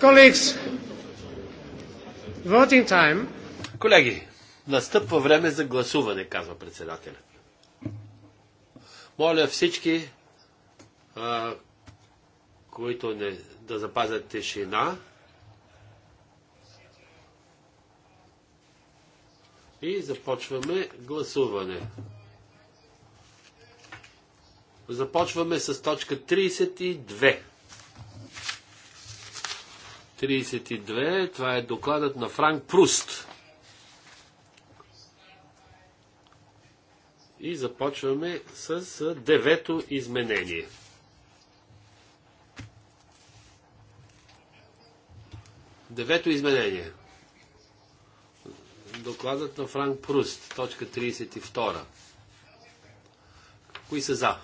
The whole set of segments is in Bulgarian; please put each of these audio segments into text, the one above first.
Colleagues, voting time. Колеги, настъпва време за гласуване, казва председателя. Моля всички, а, които не, да запазят тишина и започваме гласуване. Започваме с точка 32. 32. Това е докладът на Франк Пруст. И започваме с девето изменение. Девето изменение. Докладът на Франк Пруст, точка 32. Кои са за?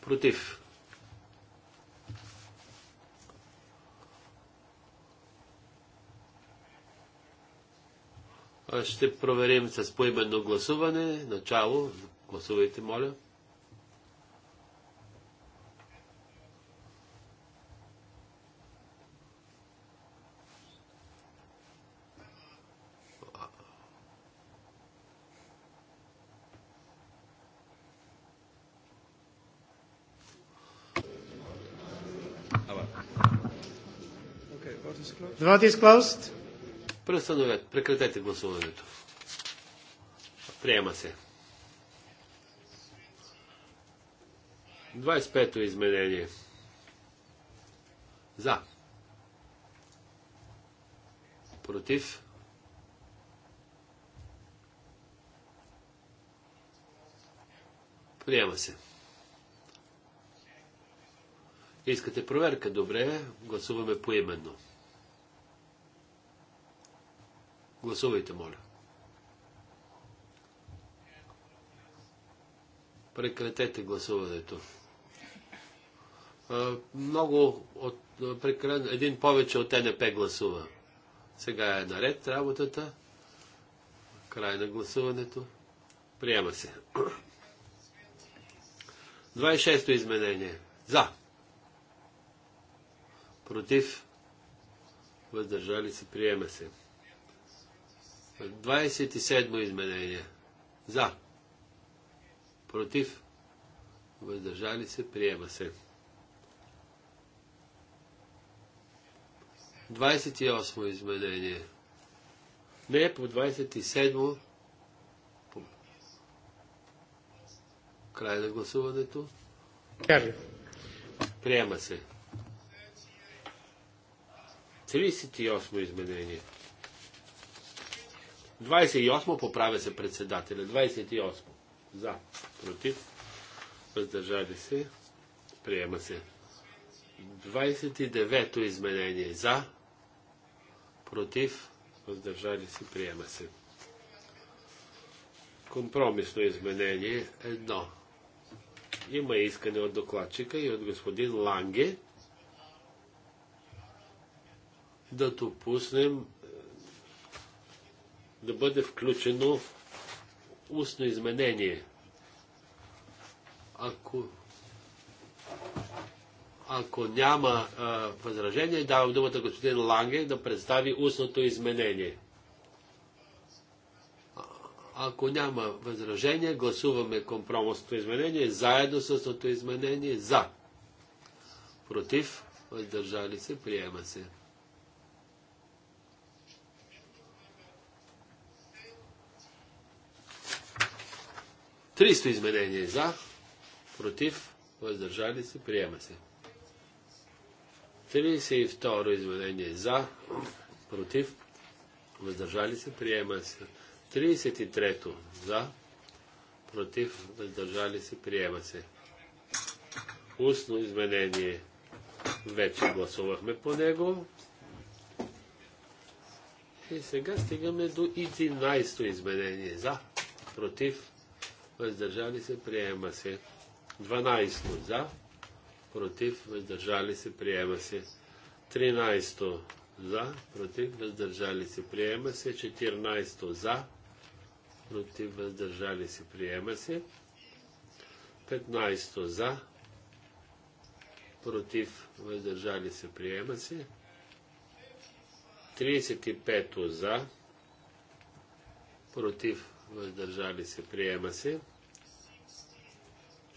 Против. Ще проверим с поименно гласуване. Начало. Гласувайте, моля. The vote is closed. Престановете. Прекратете гласуването. Приема се. 25-то изменение. За. Против. Приема се. Искате проверка? Добре. Гласуваме поименно. именно. Гласувайте, моля. Прекратете гласуването. Много от един повече от НП гласува. Сега е наред работата. Край на гласуването. Приема се. 26-то изменение. За. Против. Въздържали се. Приема се. 27 изменение. За. Против. Въздържали се. Приема се. 28 изменение. Не, по 27 по... край на гласуването. Приема се. 38 изменение. 28 поправя се председателя. 28. За. Против. Въздържали се. Приема се. 29-то изменение. За. Против. Въздържали се. Приема се. Компромисно изменение. Едно. Има искане от докладчика и от господин Ланге да допуснем да бъде включено устно изменение. Ако, ако няма а, възражение, давам думата господин Ланге да представи устното изменение. ако няма възражение, гласуваме компромисното изменение заедно с устното изменение за. Против, въздържали се, приема се. 300 изменения за, против, въздържали се, приема се. 32 изменение за, против, въздържали се, приема се. 33 за, против, въздържали се, приема се. Устно изменение. Вече гласувахме по него. И сега стигаме до 11-то изменение. За, против, въздържали се, приема се. 12 за, против, въздържали се, приема се. 13 за, против, въздържали се, приема се. 14 за, против, въздържали се, приема се. 15 за, против, въздържали се, приема се. 35 за, против, въздържали се, приема се.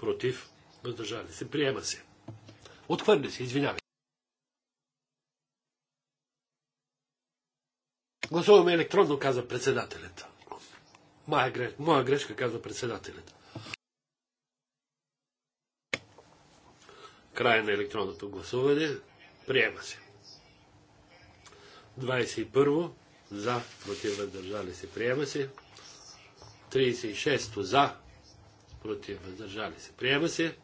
против, въздържали се, приема се. Отхвърли се, извинявай. Гласуваме електронно, каза председателят. Моя, грешка, Моя грешка, каза председателят. Края на електронното гласуване. Приема се. 21 за, против въздържали се, приема се. 36 за, против, въздържали се. Приема се.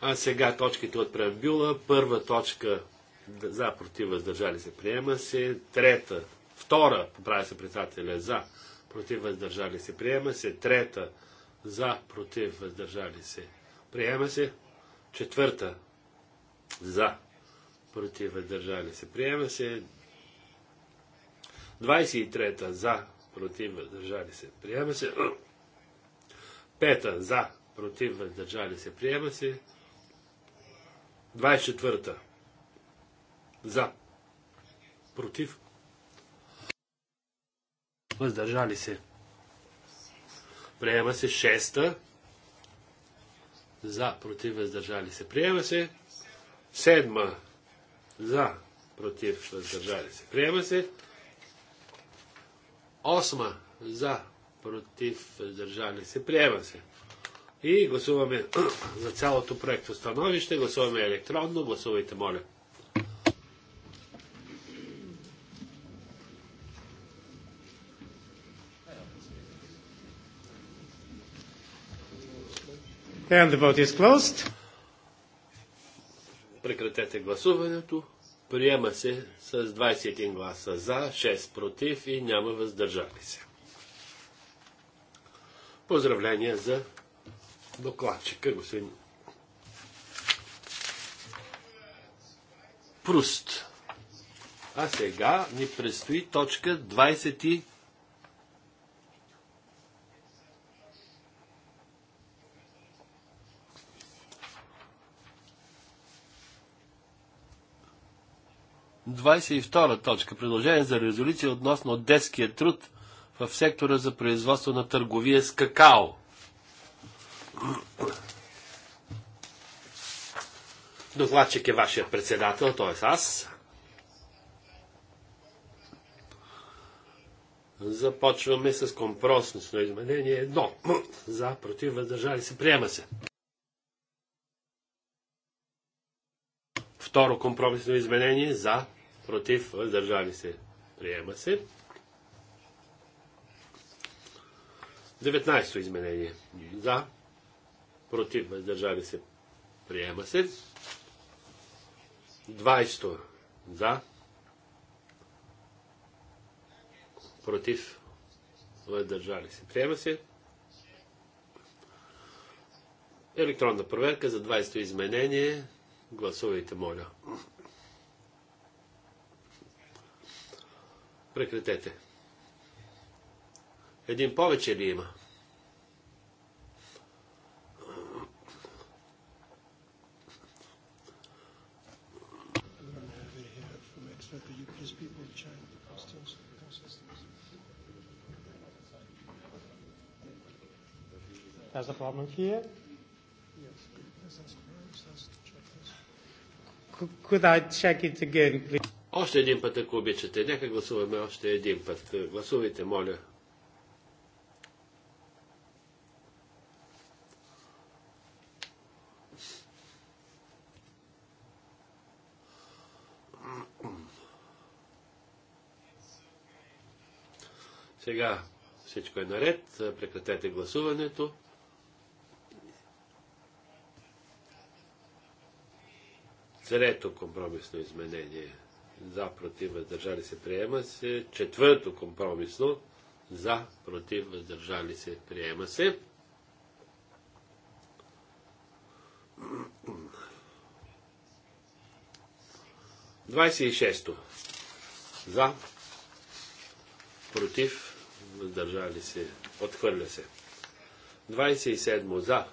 А сега точките от преамбюла. Първа точка за, против, въздържали се. Приема се. Трета, втора, поправя се председателя, за, против, въздържали се. Приема се. Трета, за, против, въздържали се. Приема се. Четвърта, за, против, въздържали се. Приема се. 23-та за, против, въздържали се, приема се. Пета за, против, въздържали се, приема се. 24-та. За. Против. Въздържали се. Приема се 6-та. За. Против. Въздържали се. Приема се. 7 За. Против. Въздържали се. Приема се. Осма за, против, въздържали се, приема се. И гласуваме за цялото проект становище, гласуваме електронно, гласувайте, моля. And the vote is closed. Прекратете гласуването. Приема се с 21 гласа за, 6 против и няма въздържали се. Поздравления за докладчика, господин Пруст. А сега ни предстои точка 22 точка. Предложение за резолюция относно детския труд в сектора за производство на търговия с какао. Докладчик е вашия председател, т.е. аз. Започваме с компромисно изменение едно. За, против, въздържали се, приема се. Второ компромисно изменение за, против, въздържали се, приема се. 19-то изменение. За, против, въздържали се, приема се. 20-то. За, против, въздържали се, приема се. Електронна проверка за 20-то изменение. Гласувайте, моля. Прекратете. Един повече ли има? That's the problem here. Could I check it again, please? Още един път, ако обичате. Нека гласуваме още един път. Гласувайте, моля. Сега всичко е наред. Прекратете гласуването. Трето компромисно изменение – за, против, въздържали се, приема се. Четвърто компромисно, за, против, въздържали се, приема се. Двадесет и шесто. За, против, въздържали се, отхвърля се. 27 за.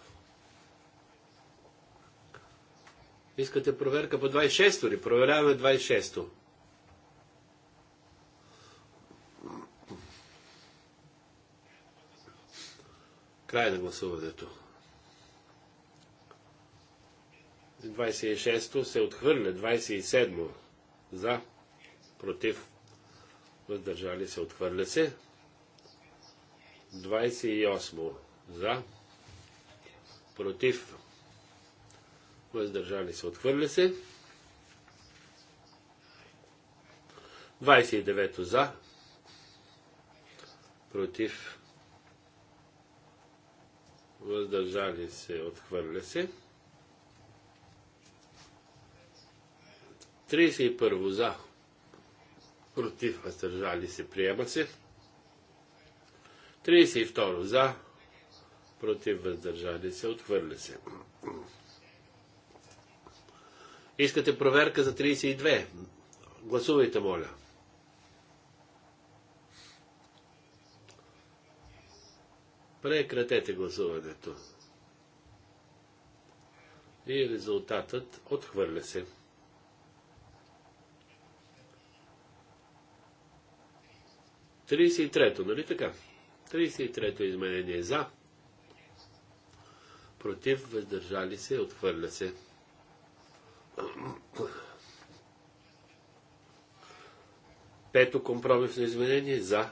Искате проверка по 26-то ли? Проверяваме 26-то. Край на гласуването. 26-то се отхвърля. 27-то за, против, въздържали се, отхвърля се. 28-то за, против, въздържали се, отхвърля се. 29-то за, против, въздържали се, отхвърля се. 31 за, против, въздържали се, приема се. 32 за, против, въздържали се, отхвърля се. Искате проверка за 32? Гласувайте, моля. 32. Прекратете гласуването. И резултатът отхвърля се. Тридесет и трето, нали така? 33 трето изменение за, против, въздържали се, отхвърля се. Пето компромисно изменение за,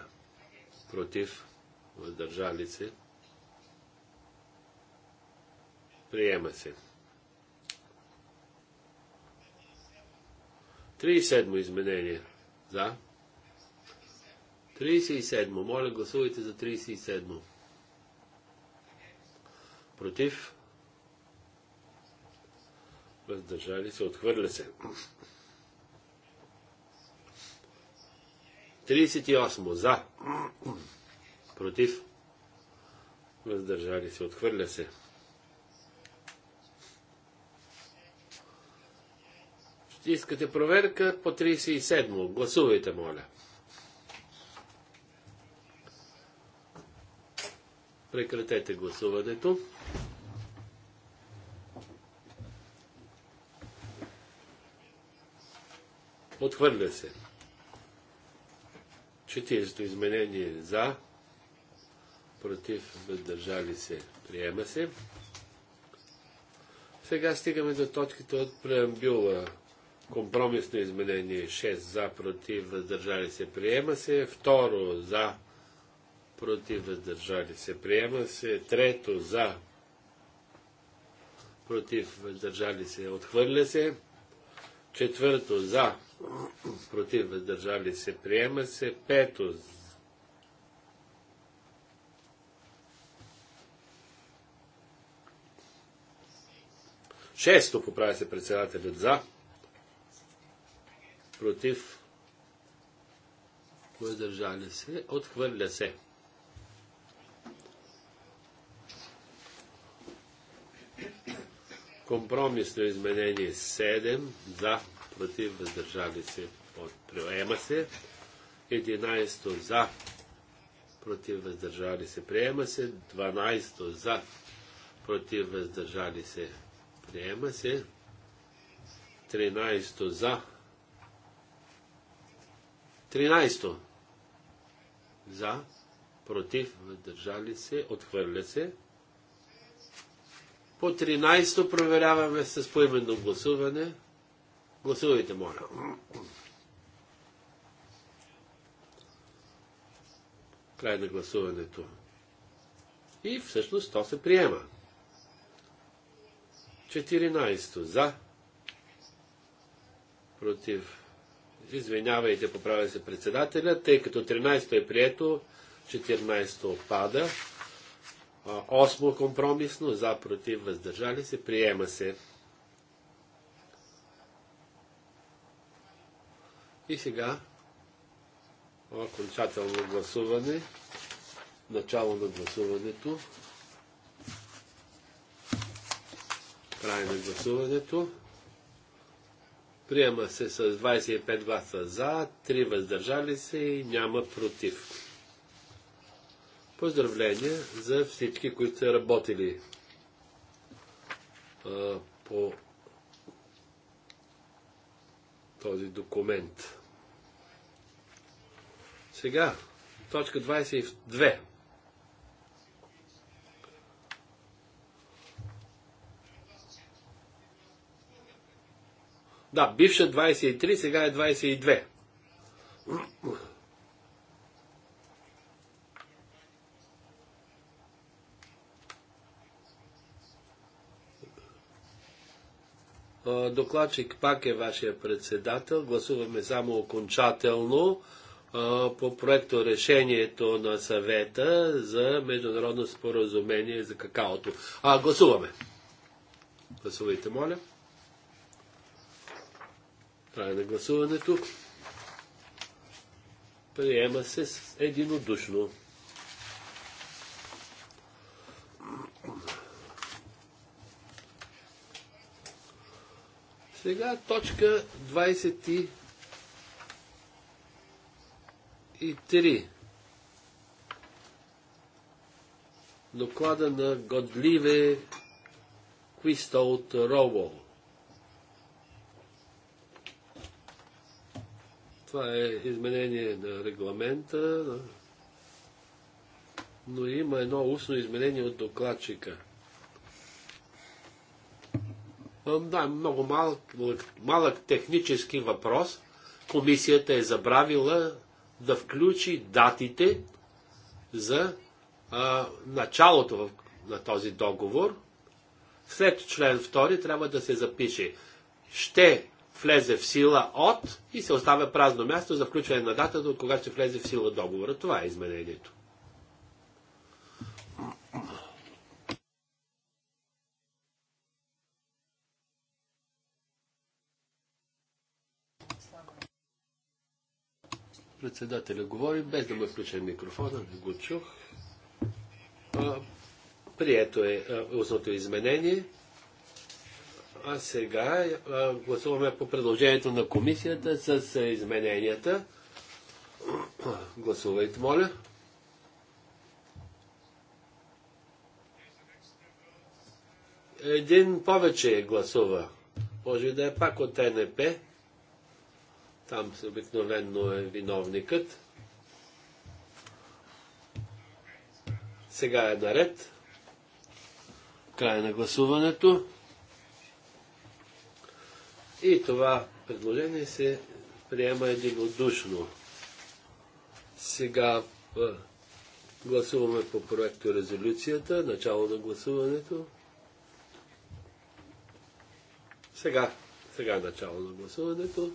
против, въздържали се, Приема се. 37 изменение. За. 37. Моля, гласувайте за 37. Против. Въздържали се. Отхвърля се. 38. За. Против. Въздържали се. Отхвърля се. Искате проверка по 37. Гласувайте, моля. Прекратете гласуването. Отхвърля се. 40 изменение за, против, въздържали се, приема се. Сега стигаме до точките от преамбюла Компромисно изменение 6 за, против, въздържали се, приема се. Второ за, против, въздържали се, приема се. Трето за, против, въздържали се, отхвърля се. Четвърто за, против, въздържали се, приема се. Пето Шесто поправя се председателят за против, въздържали се, отхвърля се. Компромисно изменение 7, за, против, въздържали се, приема се. 11 за, против, въздържали се, приема се. 12 за, против, въздържали се, приема се. 13 за, 13 за, против, въздържали се, отхвърля се. По 13 проверяваме с поименно гласуване. Гласувайте, моля. Край на гласуването. И всъщност то се приема. 14 за, против, Извинявайте, поправя се председателя, тъй като 13-то е прието, 14-то пада. Осмо компромисно, за, против, въздържали се, приема се. И сега окончателно гласуване, начало на гласуването, край на гласуването. Приема се с 25 гласа за, 3 въздържали се и няма против. Поздравления за всички, които са работили а, по този документ. Сега, точка 22. Да, бивша 23, сега е 22. Докладчик пак е вашия председател. Гласуваме само окончателно по проекто решението на съвета за международно споразумение за какаото. А, гласуваме. Гласувайте, моля. Край на гласуването. Приема се единодушно. Сега точка 23. Доклада на Годливе от Робо. Това е изменение на регламента, но има едно устно изменение от докладчика. Да, много малък, малък технически въпрос. Комисията е забравила да включи датите за а, началото в, на този договор. След член 2 трябва да се запише ще влезе в сила от и се оставя празно място за включване на датата, от когато ще влезе в сила договора. Това е изменението. Председателя говори, без да му е включен микрофона, не го чух. Прието е основното изменение. А сега а, гласуваме по предложението на комисията с измененията. Гласувайте, моля. Един повече гласува. Може да е пак от НП. Там се обикновено е виновникът. Сега е наред. Край на гласуването. И това предложение се приема единодушно. Сега гласуваме по проекто резолюцията, начало на гласуването. Сега, сега начало на гласуването.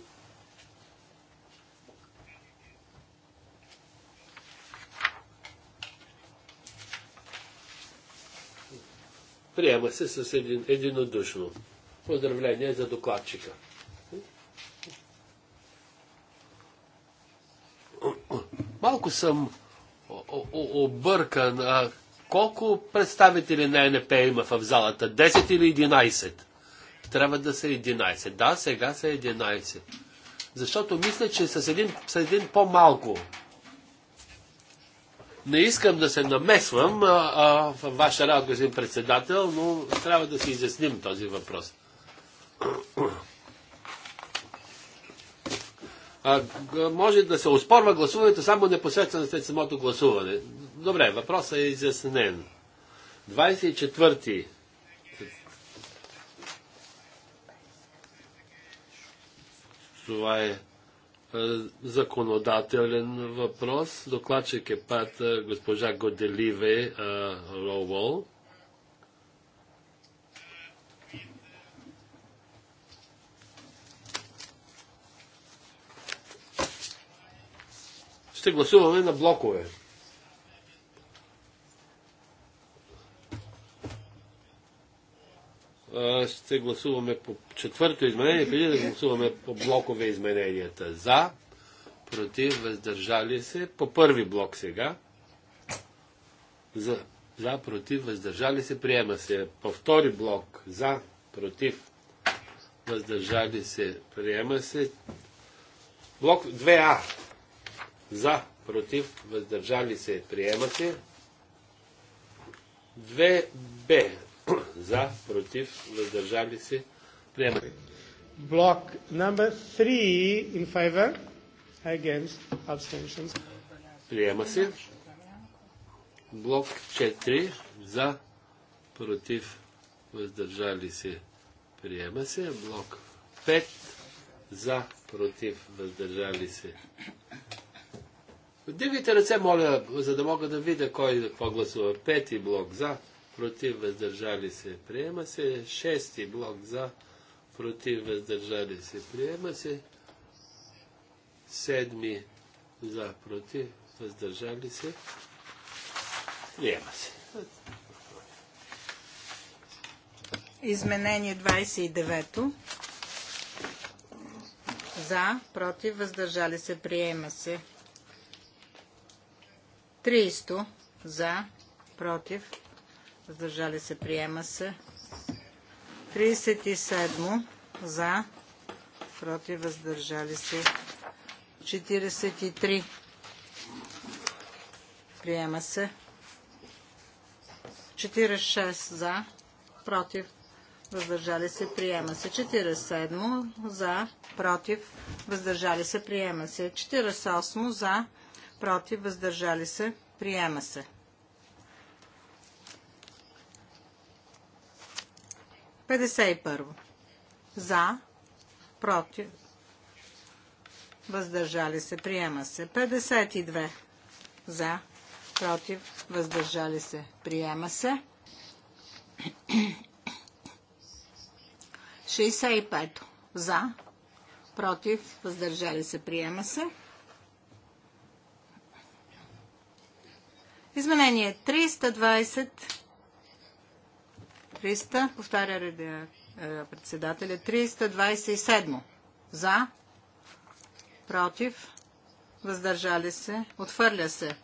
Приема се с един, единодушно. Поздравление за докладчика. Малко съм объркан. А колко представители на НП има в залата? 10 или 11? Трябва да са 11. Да, сега са 11. Защото мисля, че с един, с един по-малко. Не искам да се намесвам а, а, в ваша работа, господин председател, но трябва да си изясним този въпрос. А, може да се оспорва гласуването само непосредствено след самото гласуване. Добре, въпросът е изяснен. 24-ти. Това е законодателен въпрос. Докладчик е пат госпожа Годеливе Роуол. ще гласуваме на блокове. ще гласуваме по четвърто изменение, преди да гласуваме по блокове измененията. За, против, въздържали се. По първи блок сега. За, за против, въздържали се, приема се. По втори блок. За, против, въздържали се, приема се. Блок 2А. За, против, въздържали се, приема се. 2Б. За, против, въздържали се, приема се. Блок номер 3 in favor against abstentions. Приема се. Блок 4 за против въздържали се. Приема се. Блок 5 за против въздържали се. Дигайте ръце, моля, за да мога да видя кой какво гласува. Пети блок за, против, въздържали се, приема се. Шести блок за, против, въздържали се, приема се. Седми за, против, въздържали се, приема се. Изменение 29-то. За, против, въздържали се, приема се. 300 за, против, въздържали се, приема се. 37 за, против, въздържали се. 43 приема се. 46 за, против, въздържали се, приема се. 47 за, против, въздържали се, приема се. 48 за, против, въздържали се, приема се. 51. За, против, въздържали се, приема се. 52. За, против, въздържали се, приема се. 65. За, против, въздържали се, приема се. Изменение 320. 300, повтаря е, председателя. 327. За. Против. Въздържали се. отвърля се.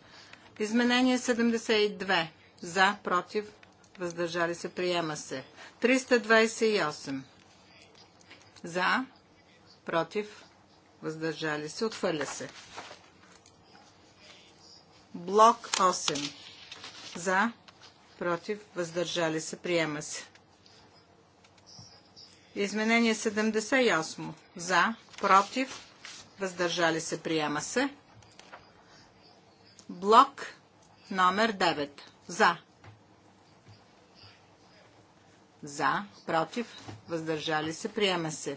Изменение 72. За. Против. Въздържали се. Приема се. 328. За. Против. Въздържали се. отвърля се. Блок 8. За, против, въздържали се, приема се. Изменение 78. За, против, въздържали се, приема се. Блок номер 9. За. За, против, въздържали се, приема се.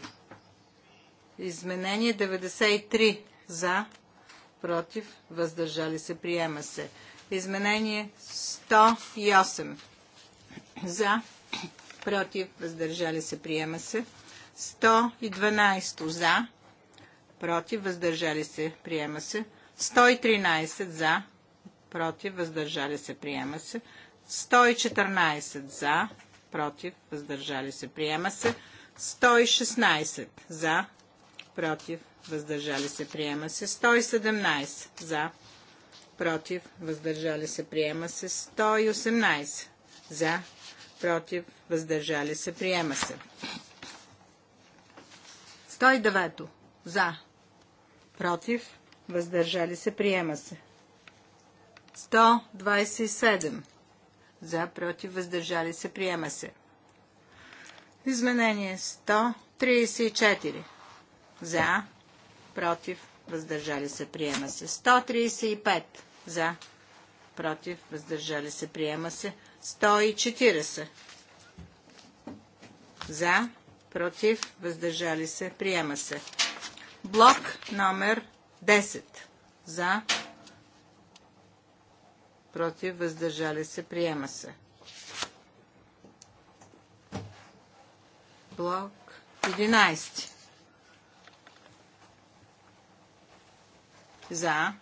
Изменение 93. За, против, въздържали се, приема се. Изменение 108 за, против, въздържали се, приема се. 112 за, против, въздържали се, приема се. 113 за, против, въздържали се, приема се. 114 за, против, въздържали се, приема се. 116 за, против, въздържали се, приема се. 117 за, против, въздържали се, приема се. 118 за, против, въздържали се, приема се. 109 за, против, въздържали се, приема се. 127 за, против, въздържали се, приема се. Изменение 134 за, против, въздържали се, приема се. 135 за, против, въздържали се, приема се. 140 за, против, въздържали се, приема се. Блок номер 10 за, против, въздържали се, приема се. Блок 11 За.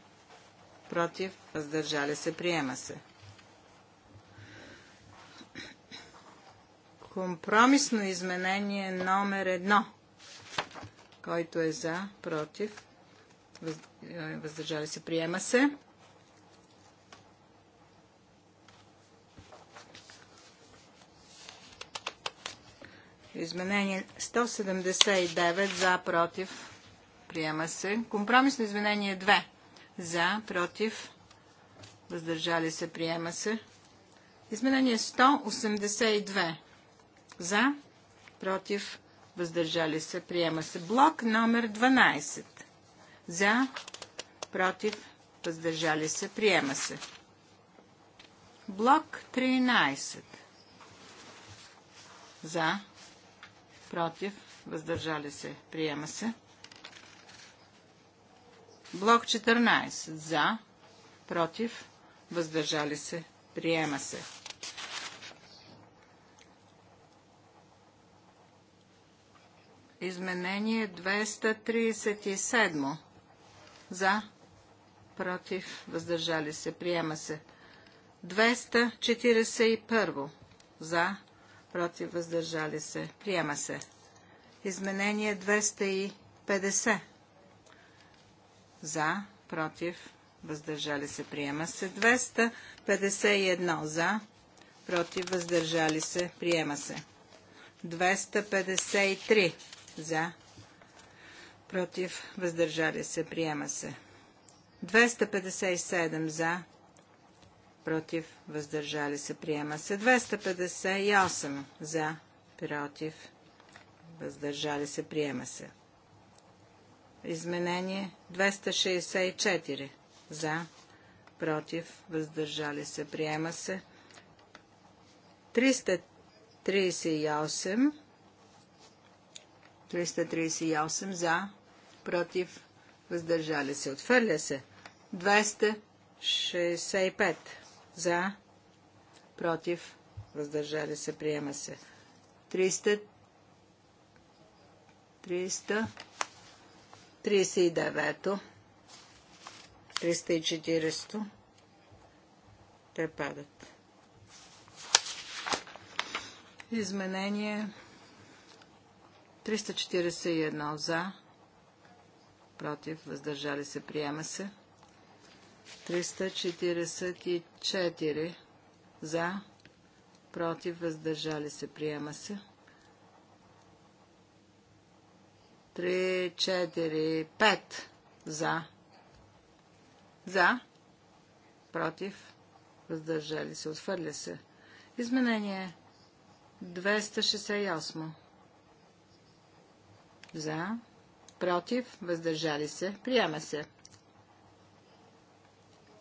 Против. Въздържали се. Приема се. Компромисно изменение номер едно. Който е за, против, е, въздържали се, приема се. Изменение 179 за, против, Приема се. Компромисно изменение 2. За, против, въздържали се. Приема се. Изменение 182. За, против, въздържали се. Приема се. Блок номер 12. За, против, въздържали се. Приема се. Блок 13. За, против, въздържали се. Приема се. Блок 14. За. Против. Въздържали се. Приема се. Изменение 237. За. Против. Въздържали се. Приема се. 241. За. Против. Въздържали се. Приема се. Изменение 250 за, против, въздържали се, приема се. 251 за, против, въздържали се, приема се. 253 за, против, въздържали се, приема се. 257 за, против, въздържали се, приема се. 258 за, против, въздържали се, приема се. Изменение 264. За. Против. Въздържали се. Приема се. 338. 338 за. Против. Въздържали се. Отвърля се. 265 за. Против. Въздържали се. Приема се. 300. 300. 39-то. 340-то. Те падат. Изменение 341 за, против, въздържали се, приема се. 344 за, против, въздържали се, приема се. 3, 4, 5 за. За. Против. Въздържали се. отвърля се. Изменение 268. За. Против. Въздържали се. Приема се.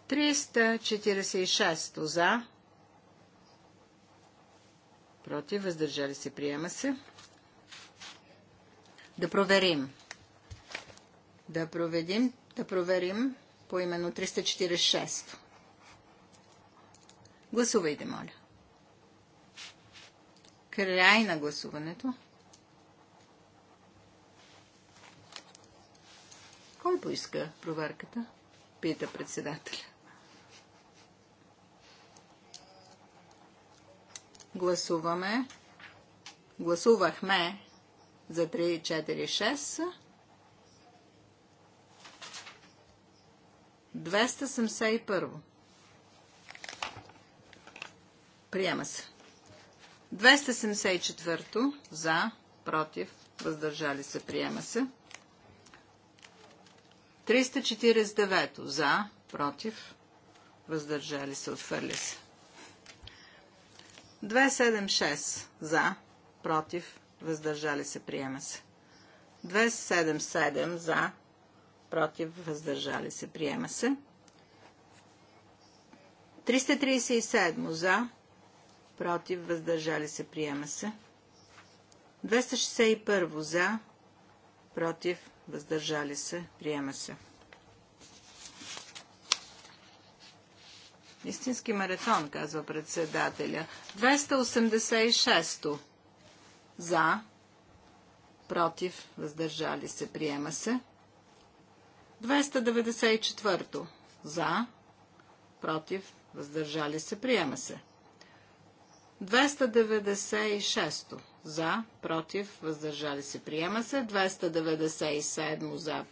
346 за. Против. Въздържали се. Приема се. Да проверим. Да проверим. Да проверим по именно 346. Гласувайте, моля. Край на гласуването. Кой поиска проверката? Пита председателя. Гласуваме. Гласувахме за 3, 4, 6. 271. Приема се. 274 за, против, въздържали се, приема се. 349 за, против, въздържали се, отхвърля се. 276 за, против, въздържали се, приема се. 277 за, против, въздържали се, приема се. 337 за, против, въздържали се, приема се. 261 за, против, въздържали се, приема се. Истински маратон, казва председателя. 286 за. Против. Въздържали се. Приема се. 294. За. Против. Въздържали се. Приема се. 296. За. Против. Въздържали се. Приема се. 297. За.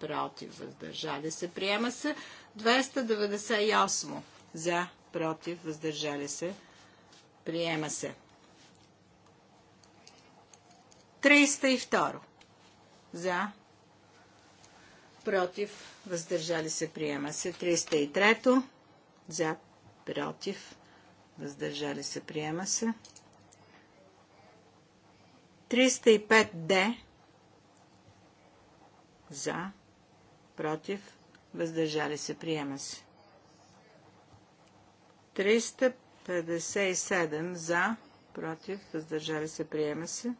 Против. Въздържали се. Приема се. 298. За. Против. Въздържали се. Приема се. 302. За. Против. Въздържали се. Приема се. 303. За. Против. Въздържали се. Приема се. 305 Д. За. Против. Въздържали се. Приема се. 357 за. Против. Въздържали се. Приема се.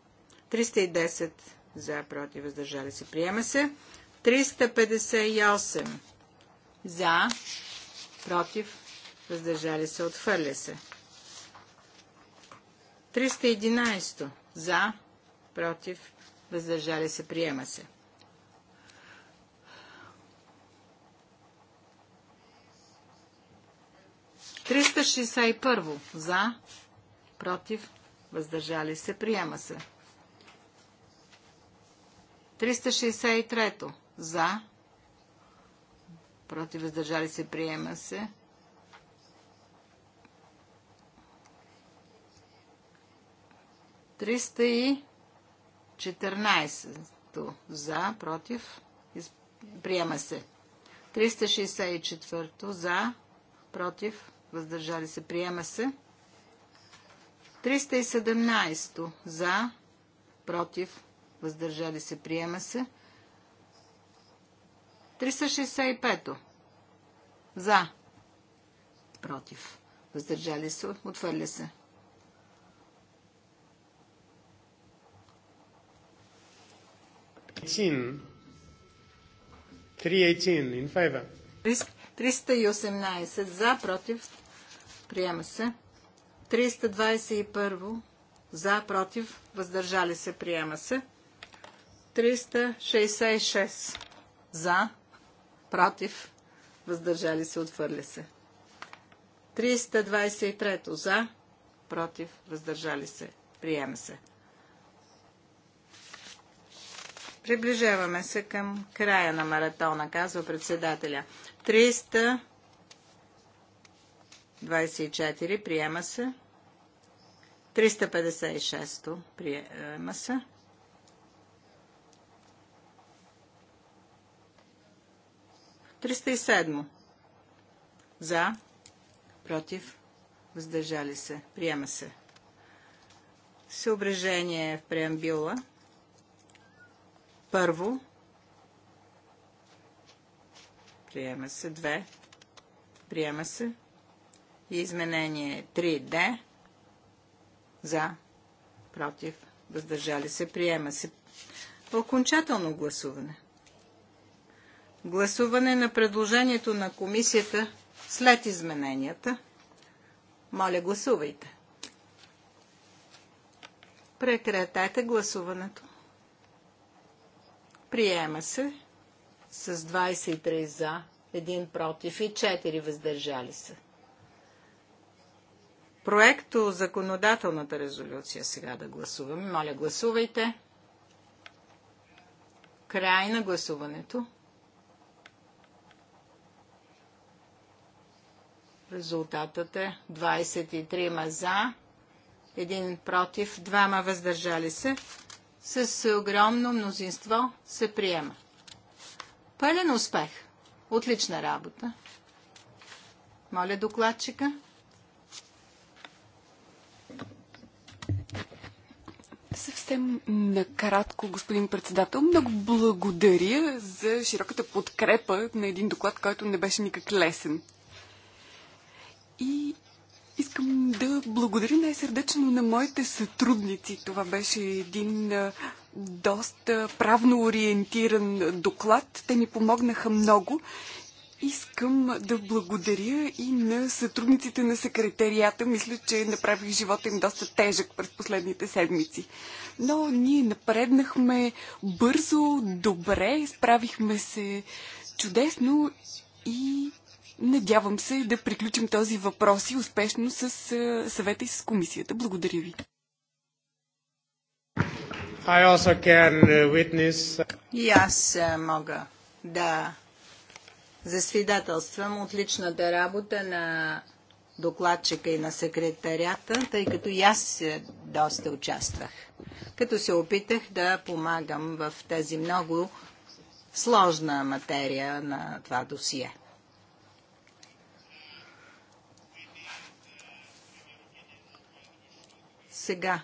310 за, против, въздържали се, приема се. 358 за, против, въздържали се, отхвърля се. 311 за, против, въздържали се, приема се. 361 за, против, въздържали се, приема се. 363 за, против въздържали се, приема се. Триста и за, против, приема се. 364 за, против, въздържали се, приема се. 317 за, против, въздържали се, приема се. 365 за, против, въздържали се, отвърля се. 318 in favor. 318 за, против, приема се. 321 за, против, въздържали се, приема се. 366 за, против, въздържали се, отвърля се. 323 за, против, въздържали се, приема се. Приближаваме се към края на маратона, казва председателя. 324 приема се. 356 приема се. 307. За. Против. Въздържали се. Приема се. Съображение в преамбюла. Първо. Приема се. 2. Приема се. И изменение 3D. За. Против. Въздържали се. Приема се. Окончателно гласуване. Гласуване на предложението на комисията след измененията. Моля, гласувайте. Прекратете гласуването. Приема се с 23 за, 1 против и 4 въздържали се. Проекто законодателната резолюция сега да гласуваме. Моля, гласувайте. Край на гласуването. Резултатът е 23 за, един против, двама въздържали се. С огромно мнозинство се приема. Пълен успех. Отлична работа. Моля докладчика. Съвсем накратко, господин председател, много благодаря за широката подкрепа на един доклад, който не беше никак лесен. И искам да благодаря най-сърдечно на моите сътрудници. Това беше един доста правно ориентиран доклад. Те ми помогнаха много. Искам да благодаря и на сътрудниците на секретарията. Мисля, че направих живота им доста тежък през последните седмици. Но ние напреднахме бързо, добре, справихме се чудесно и Надявам се да приключим този въпрос и успешно с съвета и с комисията. Благодаря ви. I also can uh, witness... Uh, и аз е, мога да засвидателствам отличната работа на докладчика и на секретарята, тъй като и аз е, доста участвах. Като се опитах да помагам в тази много сложна материя на това досие. сега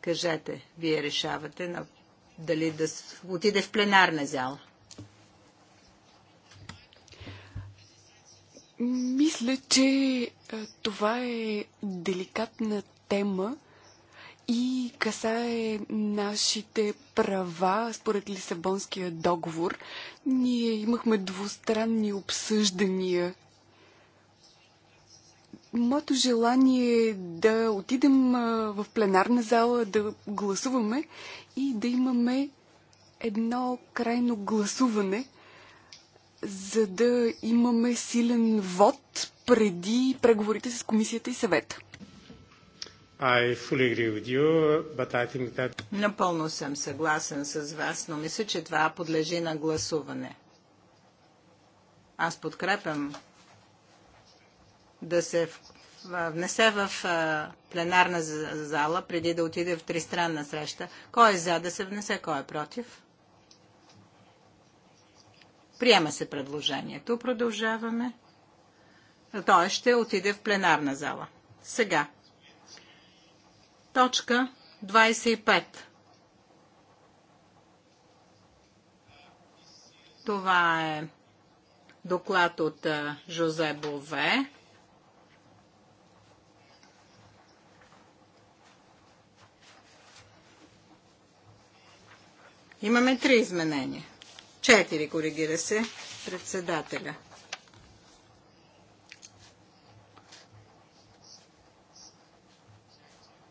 кажете, вие решавате на, дали да отиде в пленарна зала. Мисля, че това е деликатна тема и касае нашите права според Лисабонския договор. Ние имахме двустранни обсъждания Моето желание е да отидем в пленарна зала, да гласуваме и да имаме едно крайно гласуване, за да имаме силен вод преди преговорите с комисията и съвета. You, that... Напълно съм съгласен с вас, но мисля, че това подлежи на гласуване. Аз подкрепям да се внесе в пленарна зала, преди да отиде в тристранна среща. Кой е за да се внесе, кой е против? Приема се предложението. Продължаваме. Той ще отиде в пленарна зала. Сега. Точка 25. Това е доклад от Жозе Бове Имаме три изменения. Четири, коригира се председателя.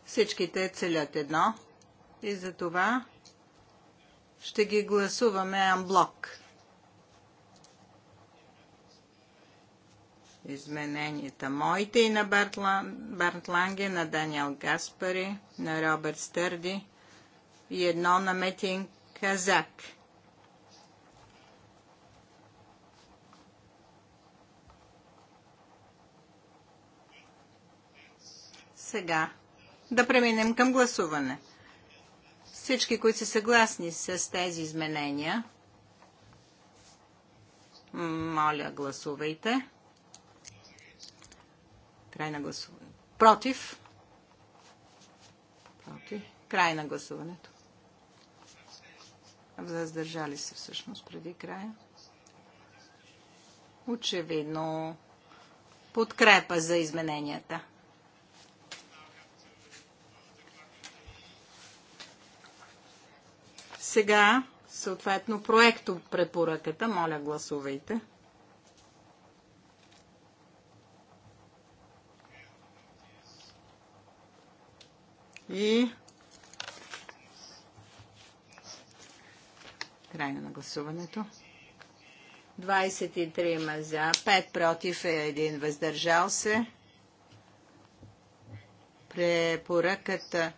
Всичките целят едно и за това ще ги гласуваме амблок. Измененията моите и на Барт Ланге, на Даниел Гаспари, на Робърт Стърди и едно на Метинг Казак. Сега да преминем към гласуване. Всички, които са съгласни с тези изменения, моля, гласувайте. Край на гласуване. Против? Против. Край на гласуването въздържали се всъщност преди края. Очевидно подкрепа за измененията. Сега, съответно, проекто препоръката. Моля, гласувайте. И Крайна на гласуването. 23 за, 5 против и 1 въздържал се. Препоръката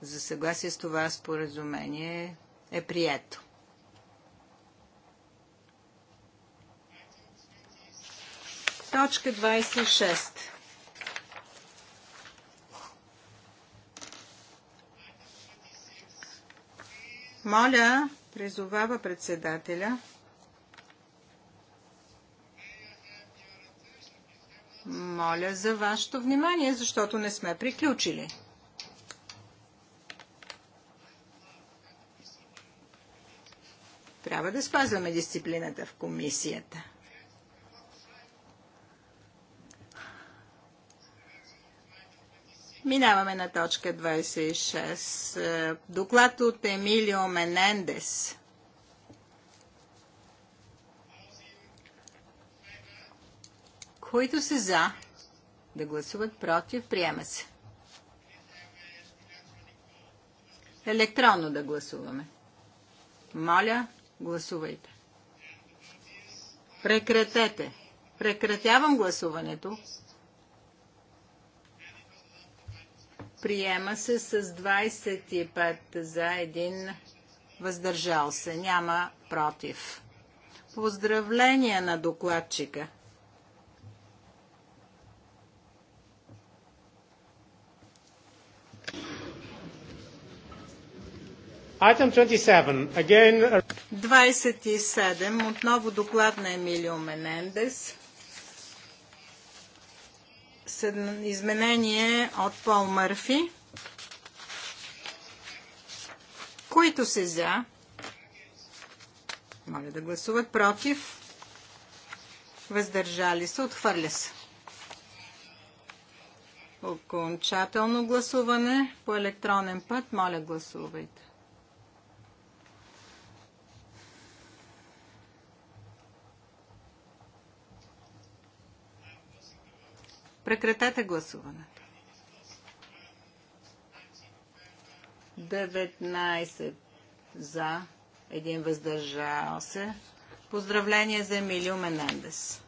за съгласие с това споразумение е прието. Точка 26. Моля, призовава председателя. Моля за вашето внимание, защото не сме приключили. Трябва да спазваме дисциплината в комисията. Минаваме на точка 26. Е, доклад от Емилио Менендес. Които са за да гласуват против, приема се. Електронно да гласуваме. Моля, гласувайте. Прекратете. Прекратявам гласуването. Приема се с 25 за един въздържал се. Няма против. Поздравления на докладчика. Item 27. Again... 27. Отново доклад на Емилио Менендес изменение от Пол Мърфи, които са за. Моля да гласуват против. Въздържали се. Отхвърля се. Окончателно гласуване по електронен път. Моля гласувайте. Прекратете гласуването. 19 за, един въздържал се. Поздравление за Емилио Менендес.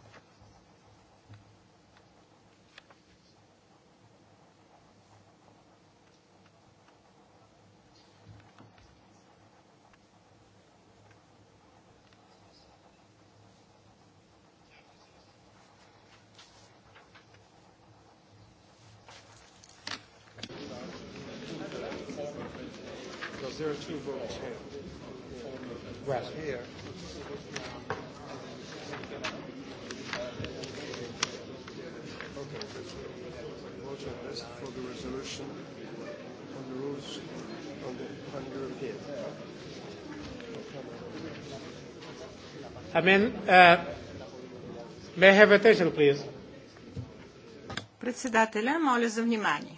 I mean, uh, may I have attention, please? Председателя, моля за внимание.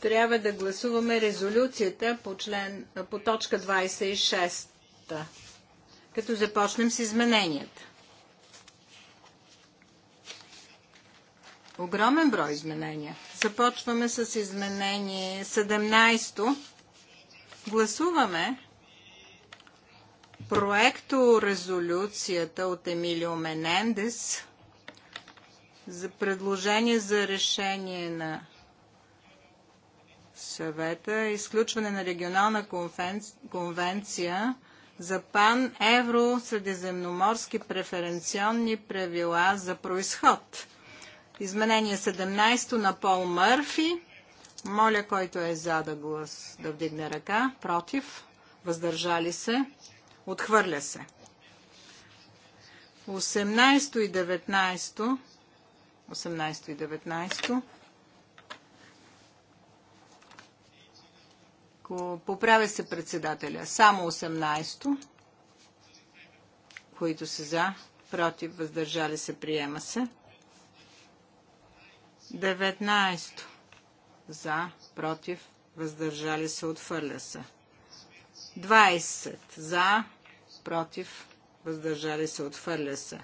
Трябва да гласуваме резолюцията по, член, по точка 26, като започнем с измененията. Огромен брой изменения. Започваме с изменение 17 Гласуваме проекто резолюцията от Емилио Менендес за предложение за решение на съвета, изключване на регионална конвенция за пан-евро средиземноморски преференционни правила за происход. Изменение 17 на Пол Мърфи. Моля, който е за да глас, да вдигне ръка. Против. Въздържали се. Отхвърля се. 18 и 19. 18 и 19. Поправя се председателя. Само 18 които са за, против, въздържали се, приема се. 19. 19 за, против, въздържали се, отхвърля се. 20 за, против, въздържали се, отхвърля се.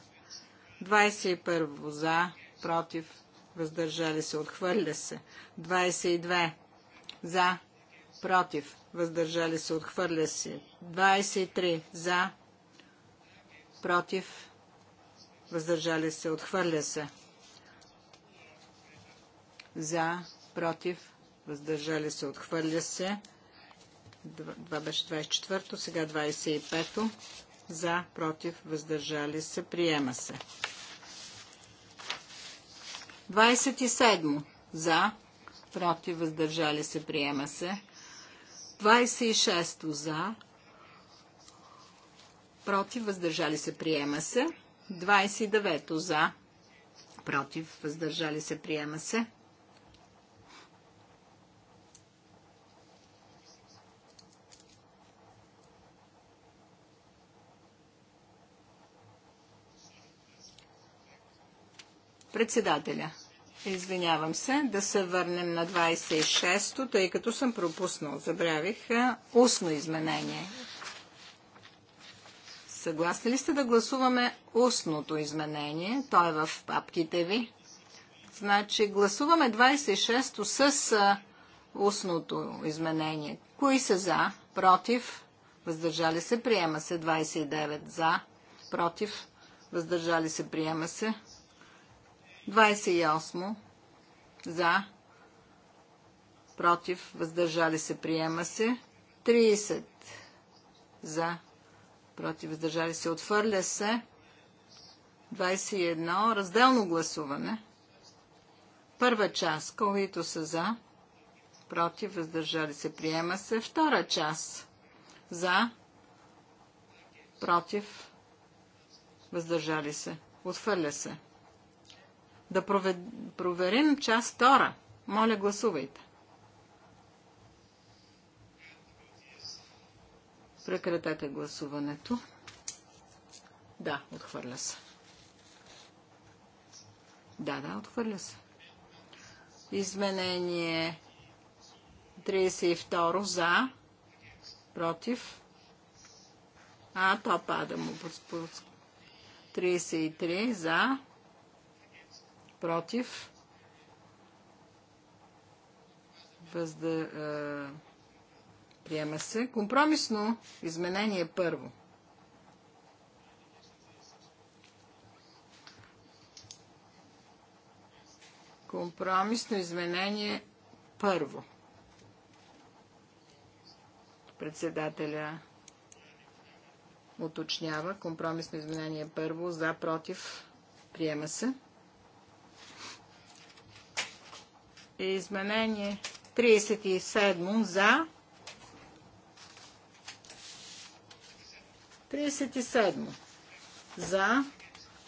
21 за, против, въздържали се, отхвърля се. 22 за, против, въздържали се, отхвърля се. 23 за, против, въздържали се, отхвърля се. За, против, въздържали се, отхвърля се. Това беше 24-то, сега 25-то. За, против, въздържали се, приема се. 27 За, против, въздържали се, приема се. 26 За, против, въздържали се, приема се. 29 За, против, въздържали се, приема се. Председателя. Извинявам се, да се върнем на 26-то, тъй като съм пропуснал. Забравих устно изменение. Съгласни ли сте да гласуваме устното изменение? То е в папките ви. Значи гласуваме 26-то с устното изменение. Кои са за? Против? Въздържали се? Приема се. 29 за. Против? Въздържали се? Приема се. 28 за, против, въздържали се, приема се. 30 за, против, въздържали се, отвърля се. 21. Разделно гласуване. Първа част, които са за, против, въздържали се, приема се. Втора част, за, против, въздържали се, отвърля се. Да провед... проверим част втора. Моля, гласувайте. Прекратете гласуването. Да, отхвърля се. Да, да, отхвърля се. Изменение 32 за, против. А, то пада му. 33 за, против, да Е, приема се. Компромисно изменение първо. Компромисно изменение първо. Председателя уточнява. Компромисно изменение първо. За, против, приема се. Изменение 37 за. 37 за.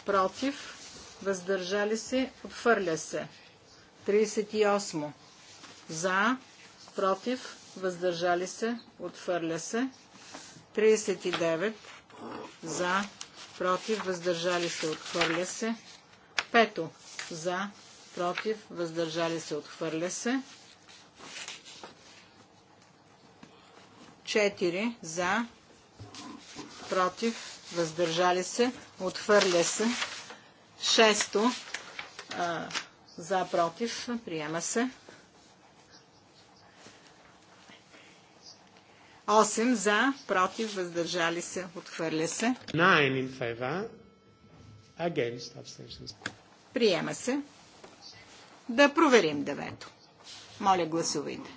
Против. Въздържали се. Отхвърля се. 38 за. Против. Въздържали се. Отхвърля се. 39 за. Против. Въздържали се. Отхвърля се. Пето за против, въздържали се, отхвърля се. 4 за, против, въздържали се, отхвърля се. 6 за, против, приема се. 8 за, против, въздържали се, отхвърля се. 9 in favor, against abstentions. Приема се. Да проверим девето. Моля, гласувайте.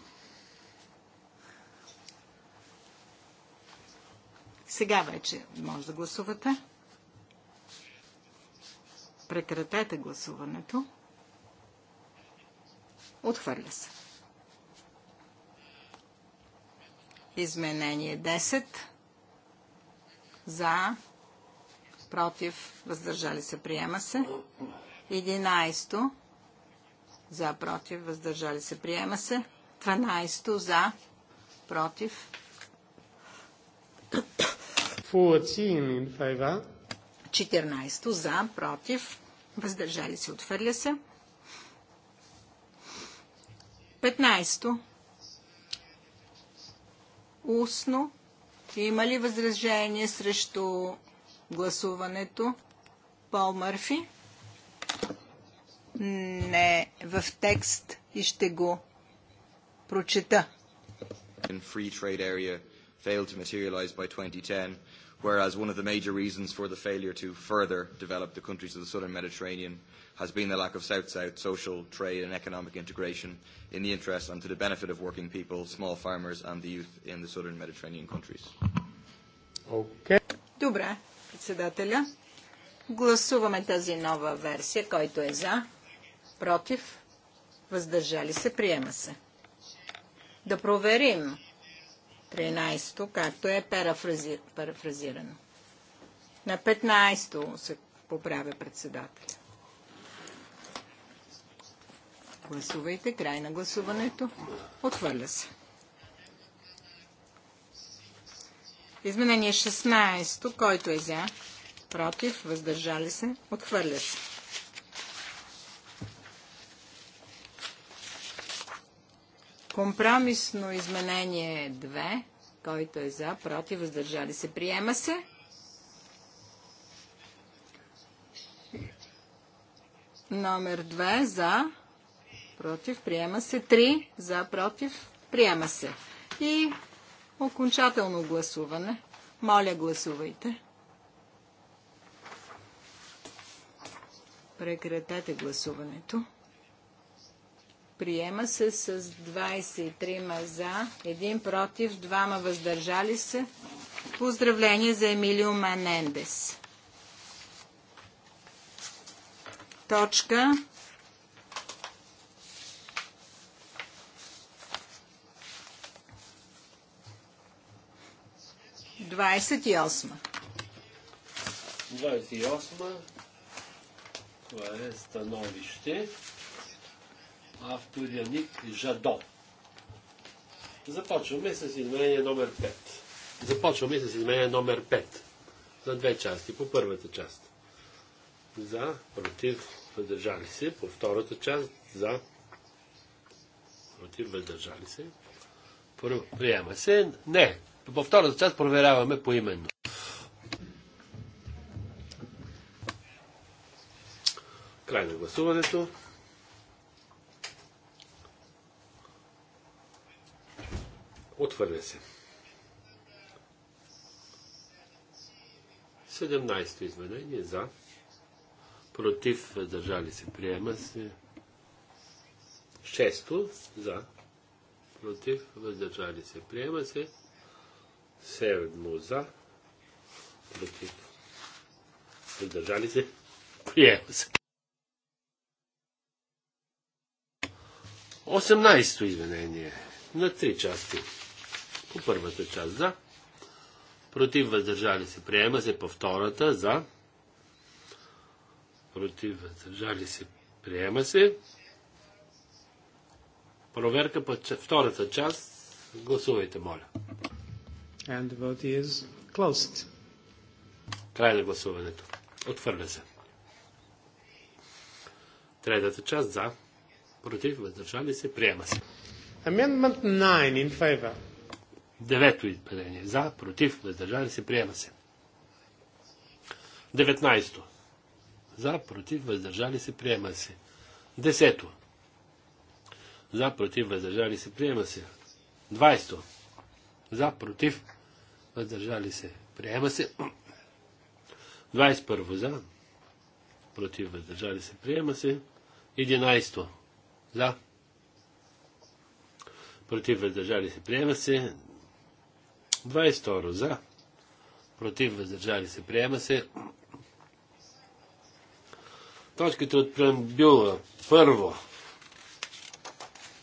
Сега вече може да гласувате. Прекратете гласуването. Отхвърля се. Изменение 10. За. Против. Въздържали се. Приема се. 11 за, против, въздържали се, приема се. 12 за, против. 14 за, против, въздържали се, отвърля се. 15 устно. Има ли възражение срещу гласуването? Пол Мърфи не в текст и ще го прочета. Free trade area failed to materialize by 2010, whereas one of the major reasons for the failure to further develop the countries of the southern Mediterranean has been the lack of South-South social, trade and economic integration in the interest and to the benefit of working people, small farmers and the youth in the southern Mediterranean countries. Okay. Добре, председателя. Гласуваме тази нова версия, който е за против, въздържали се, приема се. Да проверим 13-то, както е парафрази... парафразирано. На 15-то се поправя председателя. Гласувайте. Край на гласуването. Отхвърля се. Изменение 16, то който е за, против, въздържали се, отхвърля се. Компромисно изменение 2. Който е за, против, въздържали се, приема се. Номер 2 за, против, приема се. 3 за, против, приема се. И окончателно гласуване. Моля, гласувайте. Прекратете гласуването. Приема се с 23 за, 1 против, 2 въздържали се. Поздравление за Емилио Манендес. Точка Двадесет и осма. Двадесет и осма. Това е становище автор Яник Жадо. Започваме с изменение номер 5. Започваме с изменение номер 5. За две части. По първата част. За, против, въздържали се. По втората част. За, против, въздържали се. Приема се. Не. По втората част проверяваме поименно. Край на гласуването. Отвърля се. 17-то изменение за. Против, държали се, приема се. 6-то за. Против, въздържали се, приема се. 7 то за. Против, въздържали се, приема се. 18-то изменение на три части. По първата част за. Против въздържали се. Приема се по втората за. Против въздържали се. Приема се. Проверка по втората част. Гласувайте, моля. And the vote is closed. Край на гласуването. Отвърля се. Третата част за. Против въздържали се. Приема се. Amendment 9 in favor. Девето изменение. За, против, въздържали се, приема се. Деветнайсто. За, против, въздържали се, приема се. Десето. За, против, въздържали се, приема се. Двайсто. За, против, въздържали се, приема се. 21 за, против въздържали се, приема се. 11 за, против въздържали се, приема се. 22 за, против, въздържали се, приема се. Точката от преамбюла, първо,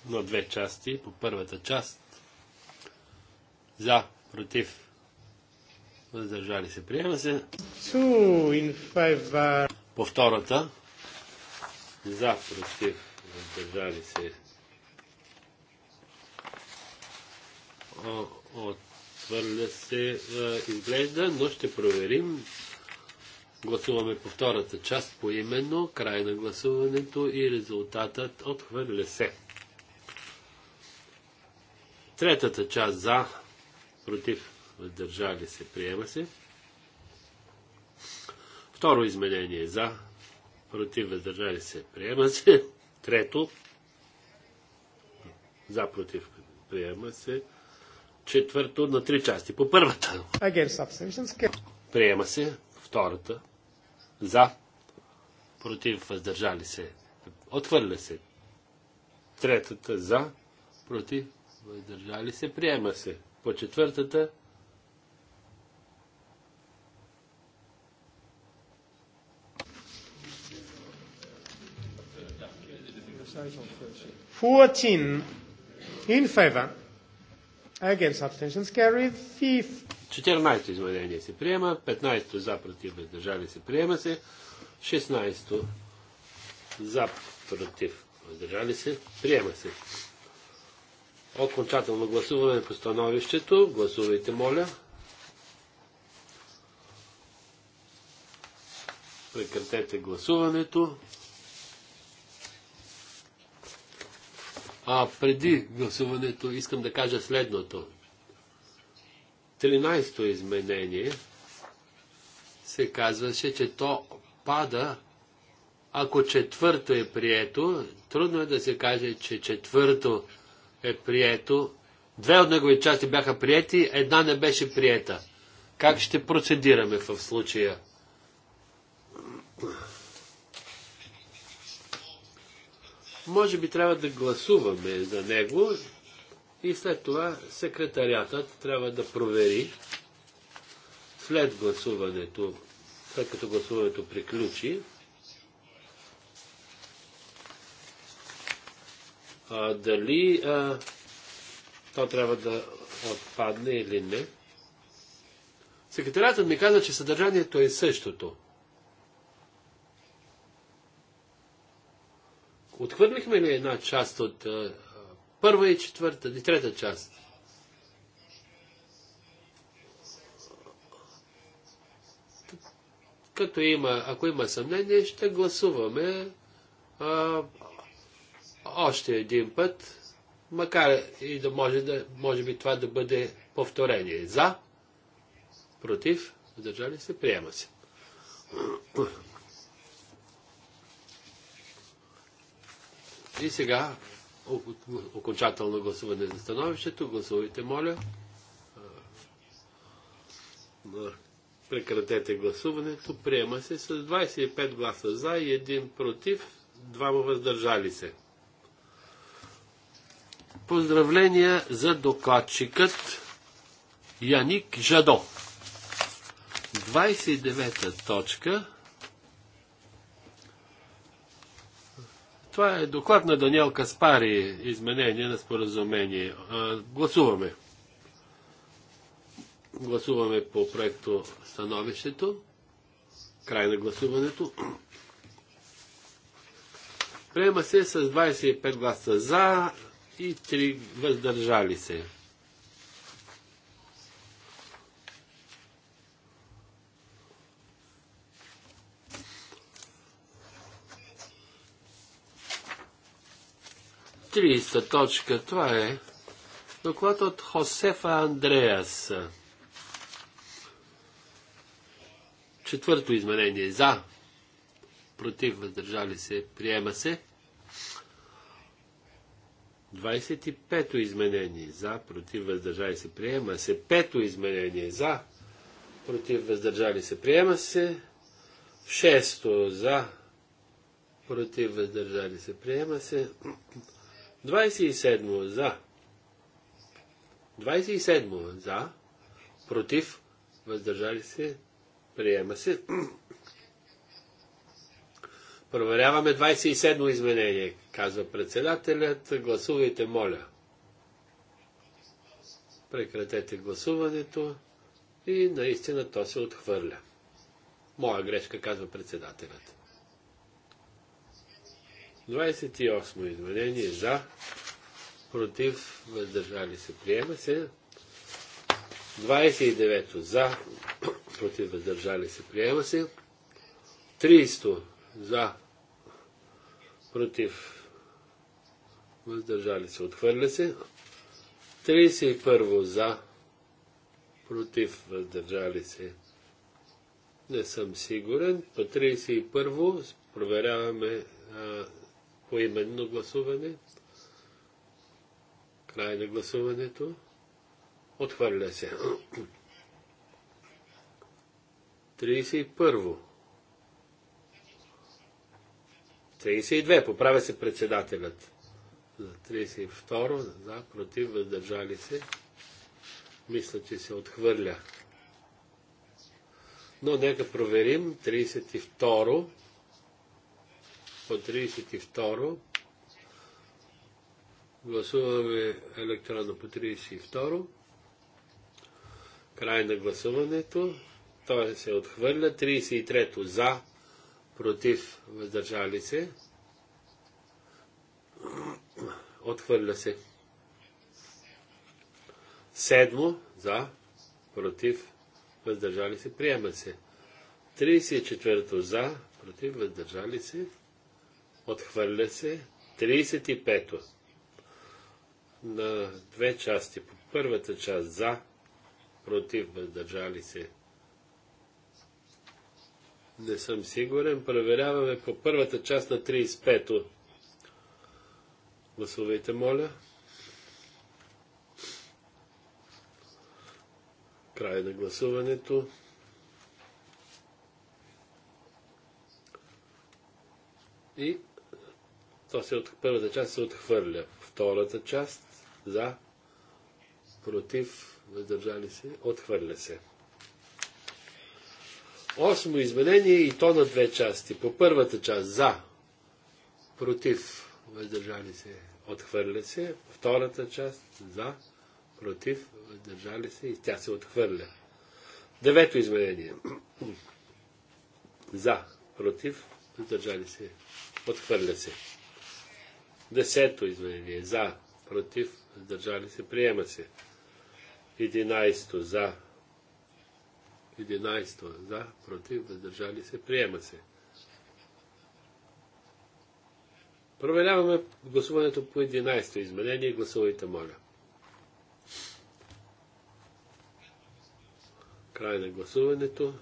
на две части, по първата част, за, против, въздържали се, приема се. По втората, за, против, въздържали се, от Отхвърля се а, изглежда, но ще проверим. Гласуваме по втората част по именно, край на гласуването и резултатът отхвърля се. Третата част за, против, въздържали се, приема се. Второ изменение за, против, въздържали се, приема се. Трето, за, против, приема се четвърто на три части. По първата. Приема се. Втората. За. Против. Въздържали се. Отхвърля се. Третата. За. Против. Въздържали се. Приема се. По четвъртата. Фуатин in favor. Against abstentions carried. 14-то изменение се приема, 15-то за против въздържали се приема се, 16-то за против въздържали се приема се. Окончателно гласуване по становището. Гласувайте, моля. Прекратете гласуването. А преди гласуването искам да кажа следното. 13-то изменение се казваше, че то пада, ако четвърто е прието. Трудно е да се каже, че четвърто е прието. Две от негови части бяха приети, една не беше приета. Как ще процедираме в случая? Може би трябва да гласуваме за него и след това секретариатът трябва да провери след гласуването, след като гласуването приключи, а, дали а, то трябва да отпадне или не. Секретарятът ми каза, че съдържанието е същото. Отхвърлихме ли една част от а, първа и четвърта, и трета част? Като има, ако има съмнение, ще гласуваме а, още един път, макар и да може, да може би това да бъде повторение. За, против, задържали се, приема се. И сега окончателно гласуване за становището. Гласувайте, моля. Прекратете гласуването. Приема се с 25 гласа за и 1 против, двама въздържали се. Поздравления за докладчикът Яник Жадо. 29 точка Това е доклад на Даниел Каспари, изменение на споразумение. Гласуваме. Гласуваме по проекто становището. Край на гласуването. Приема се с 25 гласа за и 3 въздържали се. 30 точка, това е доклад от Хосефа Андреас. Четвърто изменение за, против, въздържали се, приема се. 25-то изменение за, против, въздържали се, приема се. Пето изменение за, против, въздържали се, приема се. Шесто за, против, въздържали се, приема се. 27 за. 27 за. Против. Въздържали се. Приема се. Проверяваме 27 изменение, казва председателят. Гласувайте, моля. Прекратете гласуването и наистина то се отхвърля. Моя грешка, казва председателят. 28 изменение за, против, въздържали се, приема се. 29 за, против, въздържали се, приема се. 300 за, против, въздържали се, отхвърля се. 31 за, против, въздържали се. Не съм сигурен. По 31 проверяваме поименно гласуване. Край на гласуването. Отхвърля се. 31. 32. Поправя се председателят. 32. За, против, въздържали се. Мисля, че се отхвърля. Но нека проверим. 32 по 32. Гласуваме електронно по 32. Край на гласуването. Той се отхвърля. 33-то за, против, въздържали се. Отхвърля се. Седмо за, против, въздържали се. Приема се. 34-то за, против, въздържали се. Отхвърля се. 35-то. На две части. По първата част за, против, въздържали се. Не съм сигурен. Проверяваме по първата част на 35-то. Гласувайте, моля. Край на гласуването. И то се от... Първата част се отхвърля. Втората част за, против, въздържали се, отхвърля се. Осмо изменение и то на две части. По първата част за, против, въздържали се, отхвърля се. Втората част за, против, въздържали се и тя се отхвърля. Девето изменение. За, против, въздържали се, отхвърля се. Десето изменение. За. Против. Въздържали се. Приема се. Единайсто. За. Единайсто. За. Против. Въздържали се. Приема се. Проверяваме гласуването по 11 изменение. Гласувайте, моля. Край на гласуването.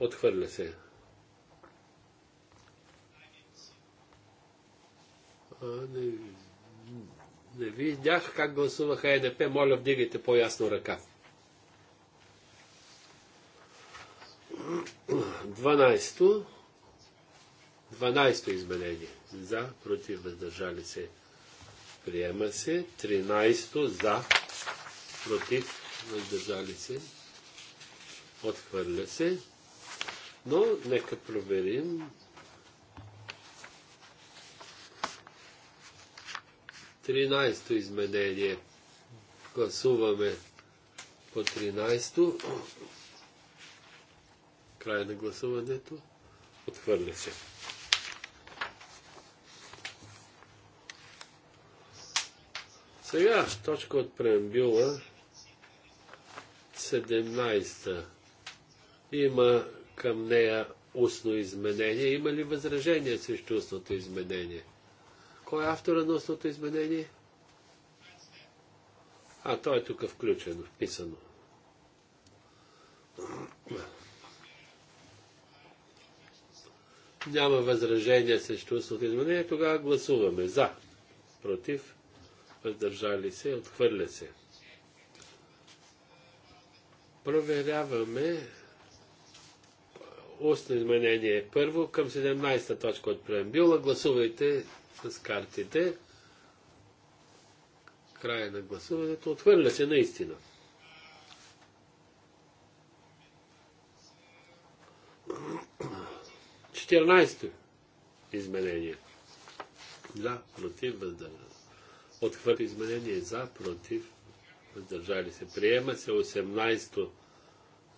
Отхвърля се. не, не видях как гласуваха ЕДП. Моля, вдигайте по-ясно ръка. 12-то 12 изменение. За, против, въздържали се. Приема се. 13 то за, против, въздържали се. Отхвърля се. Но нека проверим 13-то изменение. Гласуваме по 13-то. Край на гласуването. Отхвърля се. Сега, точка от преамбюла 17. та Има към нея устно изменение. Има ли възражение срещу устното изменение? Кой е автора на основното изменение? А, то е тук включено, вписано. Няма възражение срещу устното изменение, тогава гласуваме за, против, въздържали се, отхвърля се. Проверяваме устно изменение първо към 17-та точка от преамбюла. Гласувайте с картите. Края на гласуването. Отхвърля се наистина. Четирнайсто изменение. За, против, въздържали. Отхвърля изменение за, против, въздържали се. Приема се 18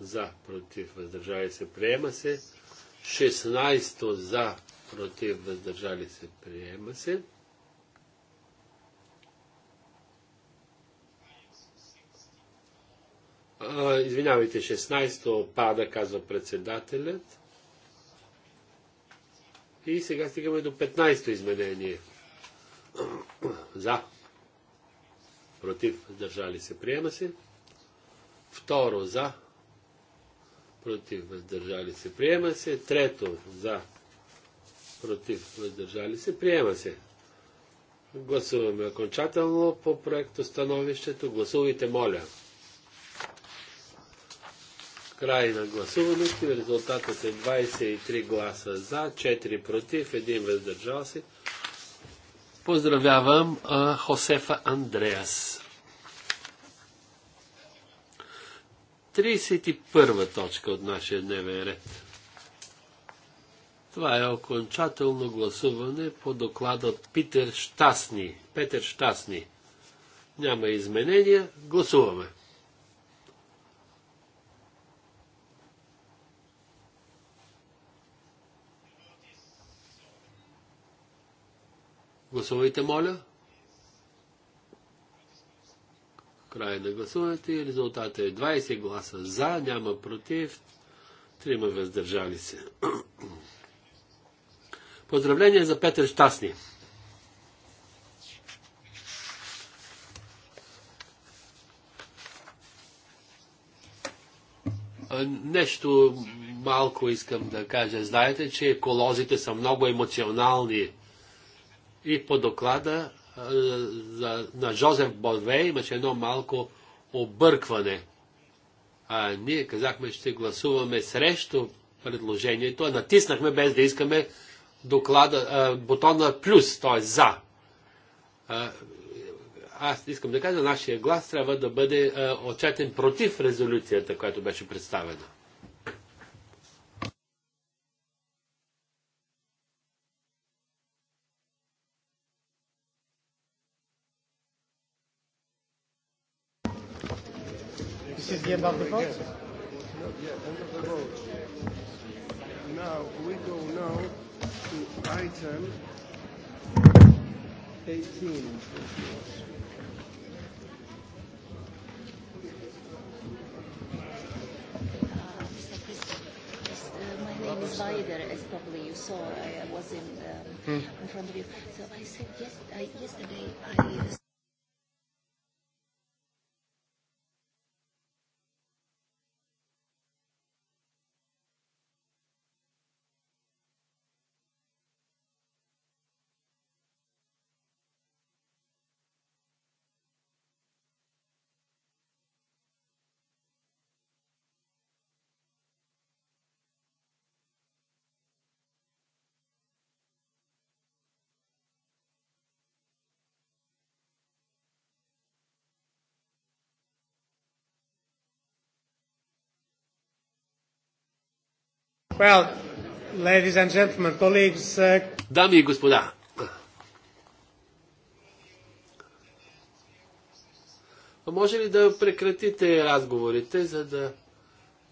за, против, въздържали се. Приема се 16 за, против, въздържали се, приема се. Извинявайте, 16-то пада, казва председателят. И сега стигаме до 15-то изменение. За. Против, въздържали се, приема се. Второ, за. Против, въздържали се, приема се. Трето, за против, въздържали се, приема се. Гласуваме окончателно по проекто становището. Гласувайте, моля. Край на гласуването. Резултатът е 23 гласа за, 4 против, 1 въздържал се. Поздравявам а, Хосефа Андреас. 31 точка от нашия дневен ред. Това е окончателно гласуване по доклада от Питер Штасни. Петър Штасни. Няма изменения. Гласуваме. Гласувайте, моля. Край на гласуването и резултата е 20 гласа за, няма против, трима въздържали се. Поздравление за Петър Щастни. Нещо малко искам да кажа. Знаете, че еколозите са много емоционални. И по доклада на Жозеф Бове имаше едно малко объркване. А ние казахме, ще гласуваме срещу предложението, а натиснахме без да искаме доклада, бутона плюс, т.е. за. аз искам да кажа, нашия глас трябва да бъде отчетен против резолюцията, която беше представена. This is the end of the term. 18. Ms. as probably you saw, I was in, um, in front of you. So I said yes, I, yesterday I. Well, ladies and gentlemen, colleagues, uh... Дами и господа, може ли да прекратите разговорите, за да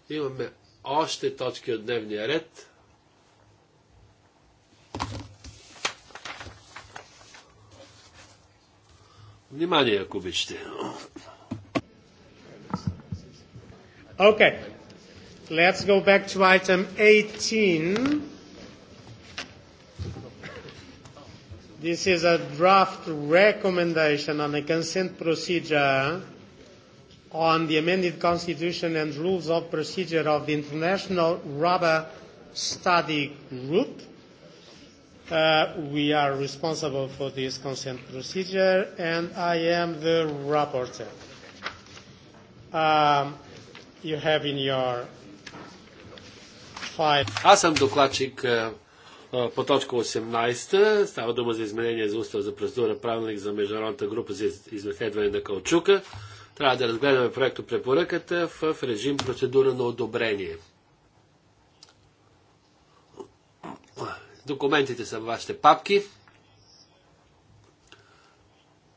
имаме още точки от дневния ред? Внимание, ако обичате. Окей. Okay. Let's go back to item 18. This is a draft recommendation on a consent procedure on the amended constitution and rules of procedure of the International Rubber Study Group. Uh, we are responsible for this consent procedure, and I am the rapporteur. Um, you have in your аз съм докладчик е, е, по точка 18. Става дума за изменение за устав за процедура правилник за Международната група за изследване на Калчука. Трябва да разгледаме проекто препоръката в режим процедура на одобрение. Документите са в вашите папки.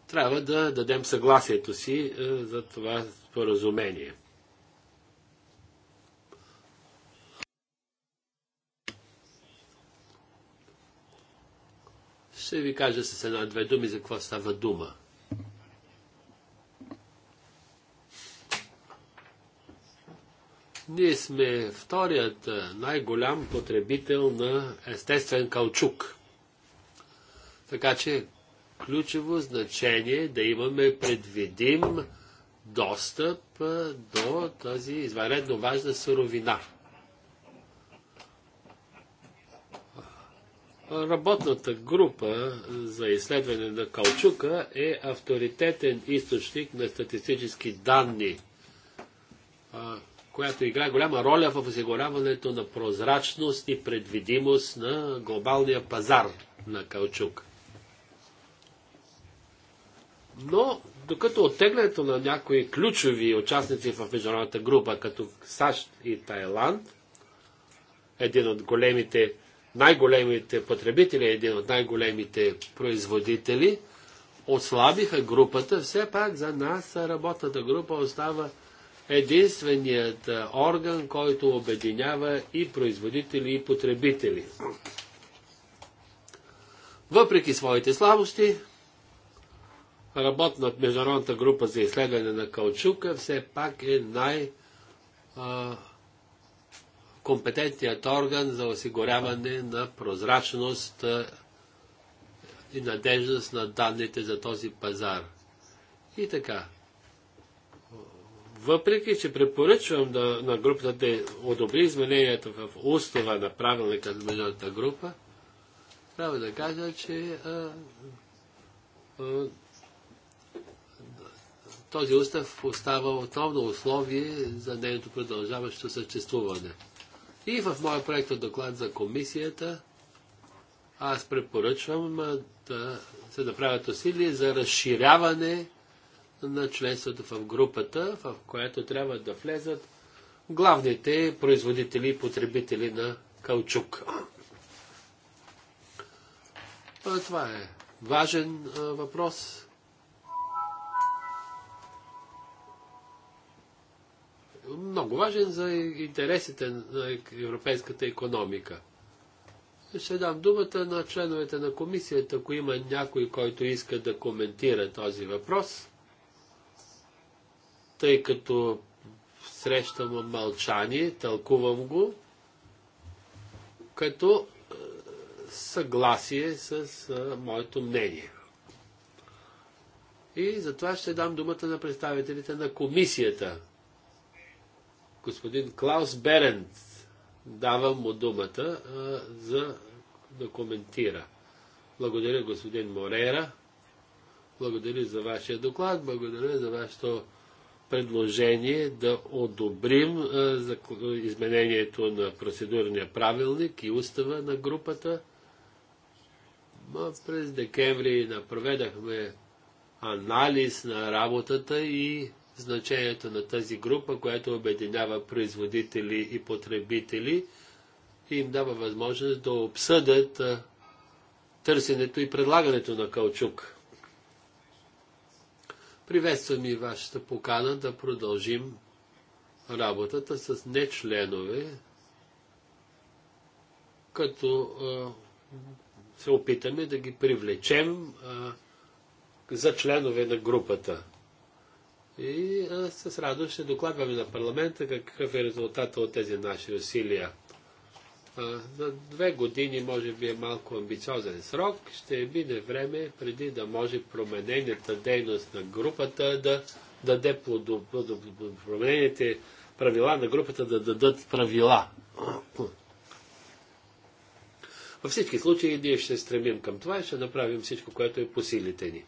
Трябва да дадем съгласието си е, за това споразумение. Ще ви кажа с една-две думи за какво става дума. Ние сме вторият най-голям потребител на естествен каучук. Така че ключово значение е да имаме предвидим достъп до тази извънредно важна суровина – Работната група за изследване на калчука е авторитетен източник на статистически данни, която играе голяма роля в осигуряването на прозрачност и предвидимост на глобалния пазар на Калчук. Но докато оттеглянето на някои ключови участници в международната група, като САЩ и Тайланд, един от големите най-големите потребители, един от най-големите производители, отслабиха групата. Все пак за нас работната група остава единственият орган, който обединява и производители, и потребители. Въпреки своите слабости, работна от Международната група за изследване на калчука все пак е най- компетентният орган за осигуряване на прозрачност и надежност на данните за този пазар. И така. Въпреки, че препоръчвам да, на групата да одобри изменението в устава на правилника на международната група, трябва да кажа, че а, а, този устав остава основно условие за нейното продължаващо съществуване. И в моя проект доклад за комисията аз препоръчвам да се направят усилия за разширяване на членството в групата, в която трябва да влезат главните производители и потребители на каучук. Това е важен въпрос, много важен за интересите на европейската економика. Ще дам думата на членовете на комисията, ако има някой, който иска да коментира този въпрос, тъй като срещам мълчание, тълкувам го като е, съгласие с е, моето мнение. И затова ще дам думата на представителите на комисията господин Клаус Беренц, Давам му думата а, за да коментира. Благодаря господин Морера. Благодаря за вашия доклад. Благодаря за вашето предложение да одобрим а, за изменението на процедурния правилник и устава на групата. през декември проведахме анализ на работата и значението на тази група, която обединява производители и потребители и им дава възможност да обсъдят търсенето и предлагането на каучук. Приветствам и вашата покана да продължим работата с нечленове, като се опитаме да ги привлечем за членове на групата. И а, с радост ще докладваме на парламента какъв е резултата от тези наши усилия. А, за две години може би е малко амбициозен срок. Ще биде време преди да може променената дейност на групата да даде променените правила на групата да дадат правила. Във всички случаи ние ще стремим към това и ще направим всичко, което е по силите ни.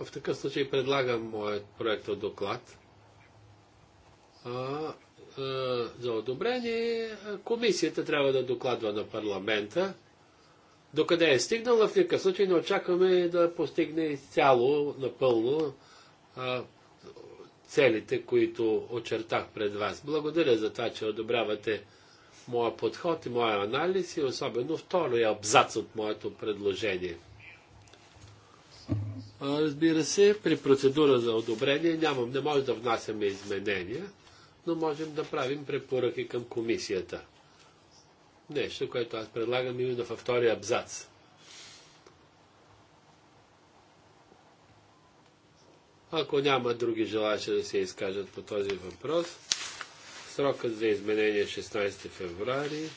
В такъв случай предлагам моят проект от доклад а, а, за одобрение. Комисията трябва да докладва на парламента. Докъде е стигнала, в никакъв случай не очакваме да постигне изцяло, напълно а, целите, които очертах пред вас. Благодаря за това, че одобрявате моя подход и моя анализ и особено втория абзац от моето предложение. Разбира се, при процедура за одобрение нямам, не може да внасяме изменения, но можем да правим препоръки към комисията. Нещо, което аз предлагам именно във втория абзац. Ако няма други желаящи да се изкажат по този въпрос, срокът за изменение е 16 февруари,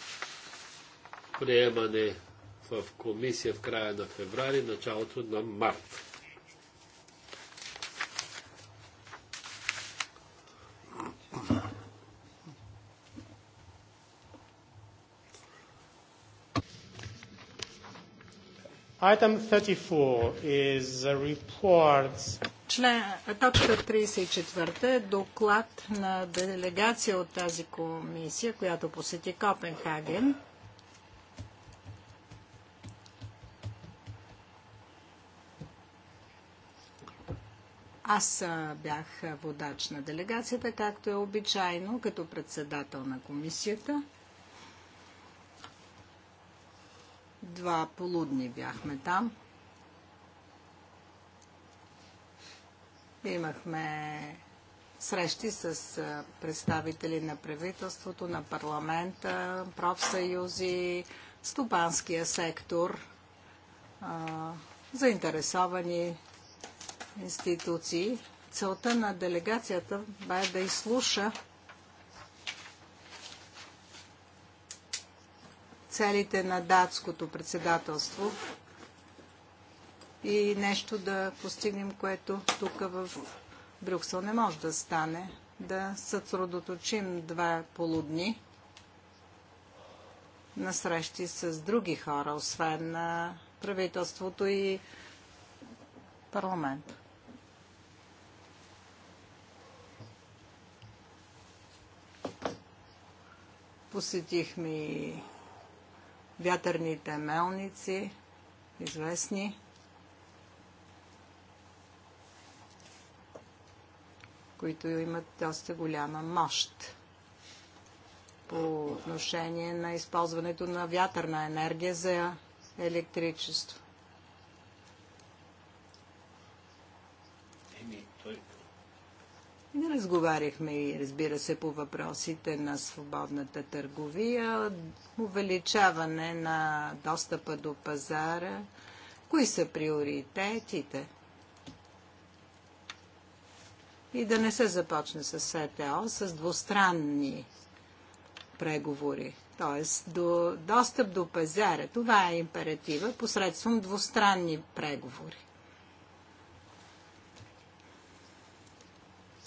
приемане в комисия в края на феврари, началото на март. Item 34 is reports. Член, точка 34 е доклад на делегация от тази комисия, която посети Копенхаген. Аз бях водач на делегацията, както е обичайно, като председател на комисията. Два полудни бяхме там. Имахме срещи с представители на правителството, на парламента, профсъюзи, стопанския сектор, заинтересовани институции. Целта на делегацията бе да изслуша целите на датското председателство и нещо да постигнем, което тук в Брюксел не може да стане. Да съсредоточим два полудни на срещи с други хора, освен на правителството и парламент. Посетихме и вятърните мелници, известни, които имат доста голяма мощ по отношение на използването на вятърна енергия за електричество. Не разговаряхме и, разбира се, по въпросите на свободната търговия, увеличаване на достъпа до пазара, кои са приоритетите. И да не се започне с СТО, с двустранни преговори, т.е. До, достъп до пазара. Това е императива посредством двустранни преговори.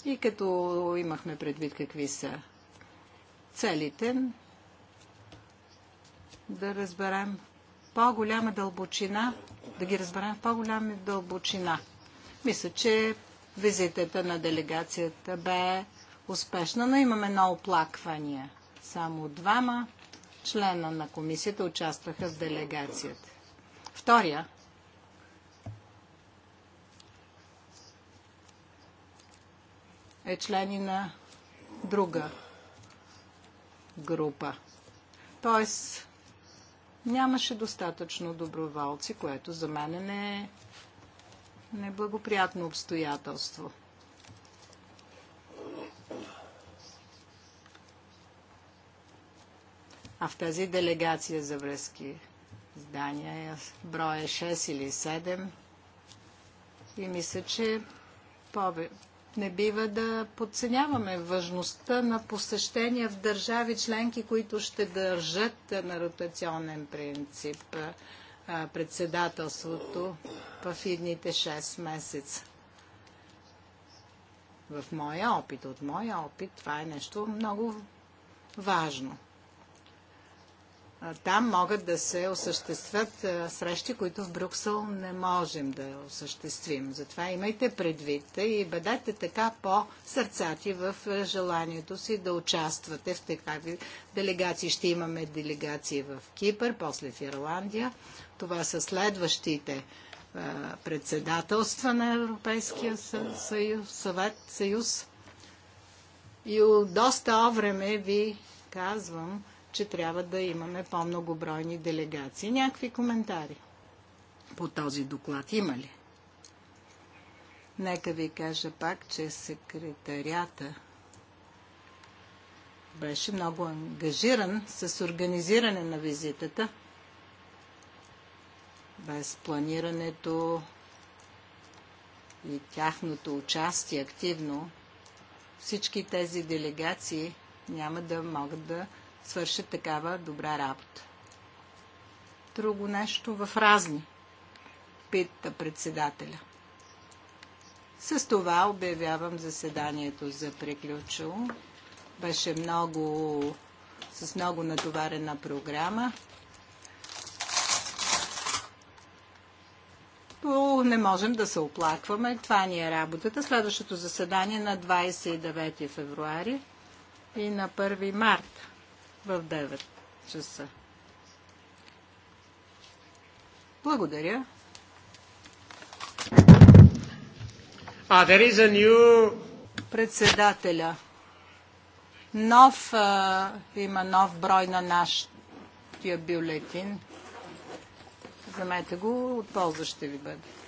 И като имахме предвид какви са целите, да разберем по-голяма дълбочина, да ги разберем в по-голяма дълбочина. Мисля, че визитата на делегацията бе успешна, но имаме на оплаквания. Само двама члена на комисията участваха в делегацията. Втория е член и на друга група. Тоест, нямаше достатъчно доброволци, което за мен е не е неблагоприятно обстоятелство. А в тази делегация за връзки с Дания броя 6 е или 7 и мисля, че не бива да подценяваме важността на посещения в държави членки, които ще държат на ротационен принцип председателството в едните 6 месеца. В моя опит, от моя опит, това е нещо много важно там могат да се осъществят срещи, които в Брюксел не можем да осъществим. Затова имайте предвид и бъдете така по-сърцати в желанието си да участвате в такави делегации. Ще имаме делегации в Кипър, после в Ирландия. Това са следващите председателства на Европейския съюз, съвет, съюз. И от доста време ви казвам, че трябва да имаме по-многобройни делегации. Някакви коментари по този доклад има ли? Нека ви кажа пак, че секретарията беше много ангажиран с организиране на визитата, без планирането и тяхното участие активно, всички тези делегации няма да могат да свършат такава добра работа. Друго нещо в разни, пита председателя. С това обявявам заседанието за приключило. Беше много, с много натоварена програма. но не можем да се оплакваме. Това ни е работата. Следващото заседание на 29 февруари и на 1 марта в 9 часа. Благодаря. А, there is a new... Председателя. Нов, а, има нов брой на нашия бюлетин. Вземете го, от полза ще ви бъде.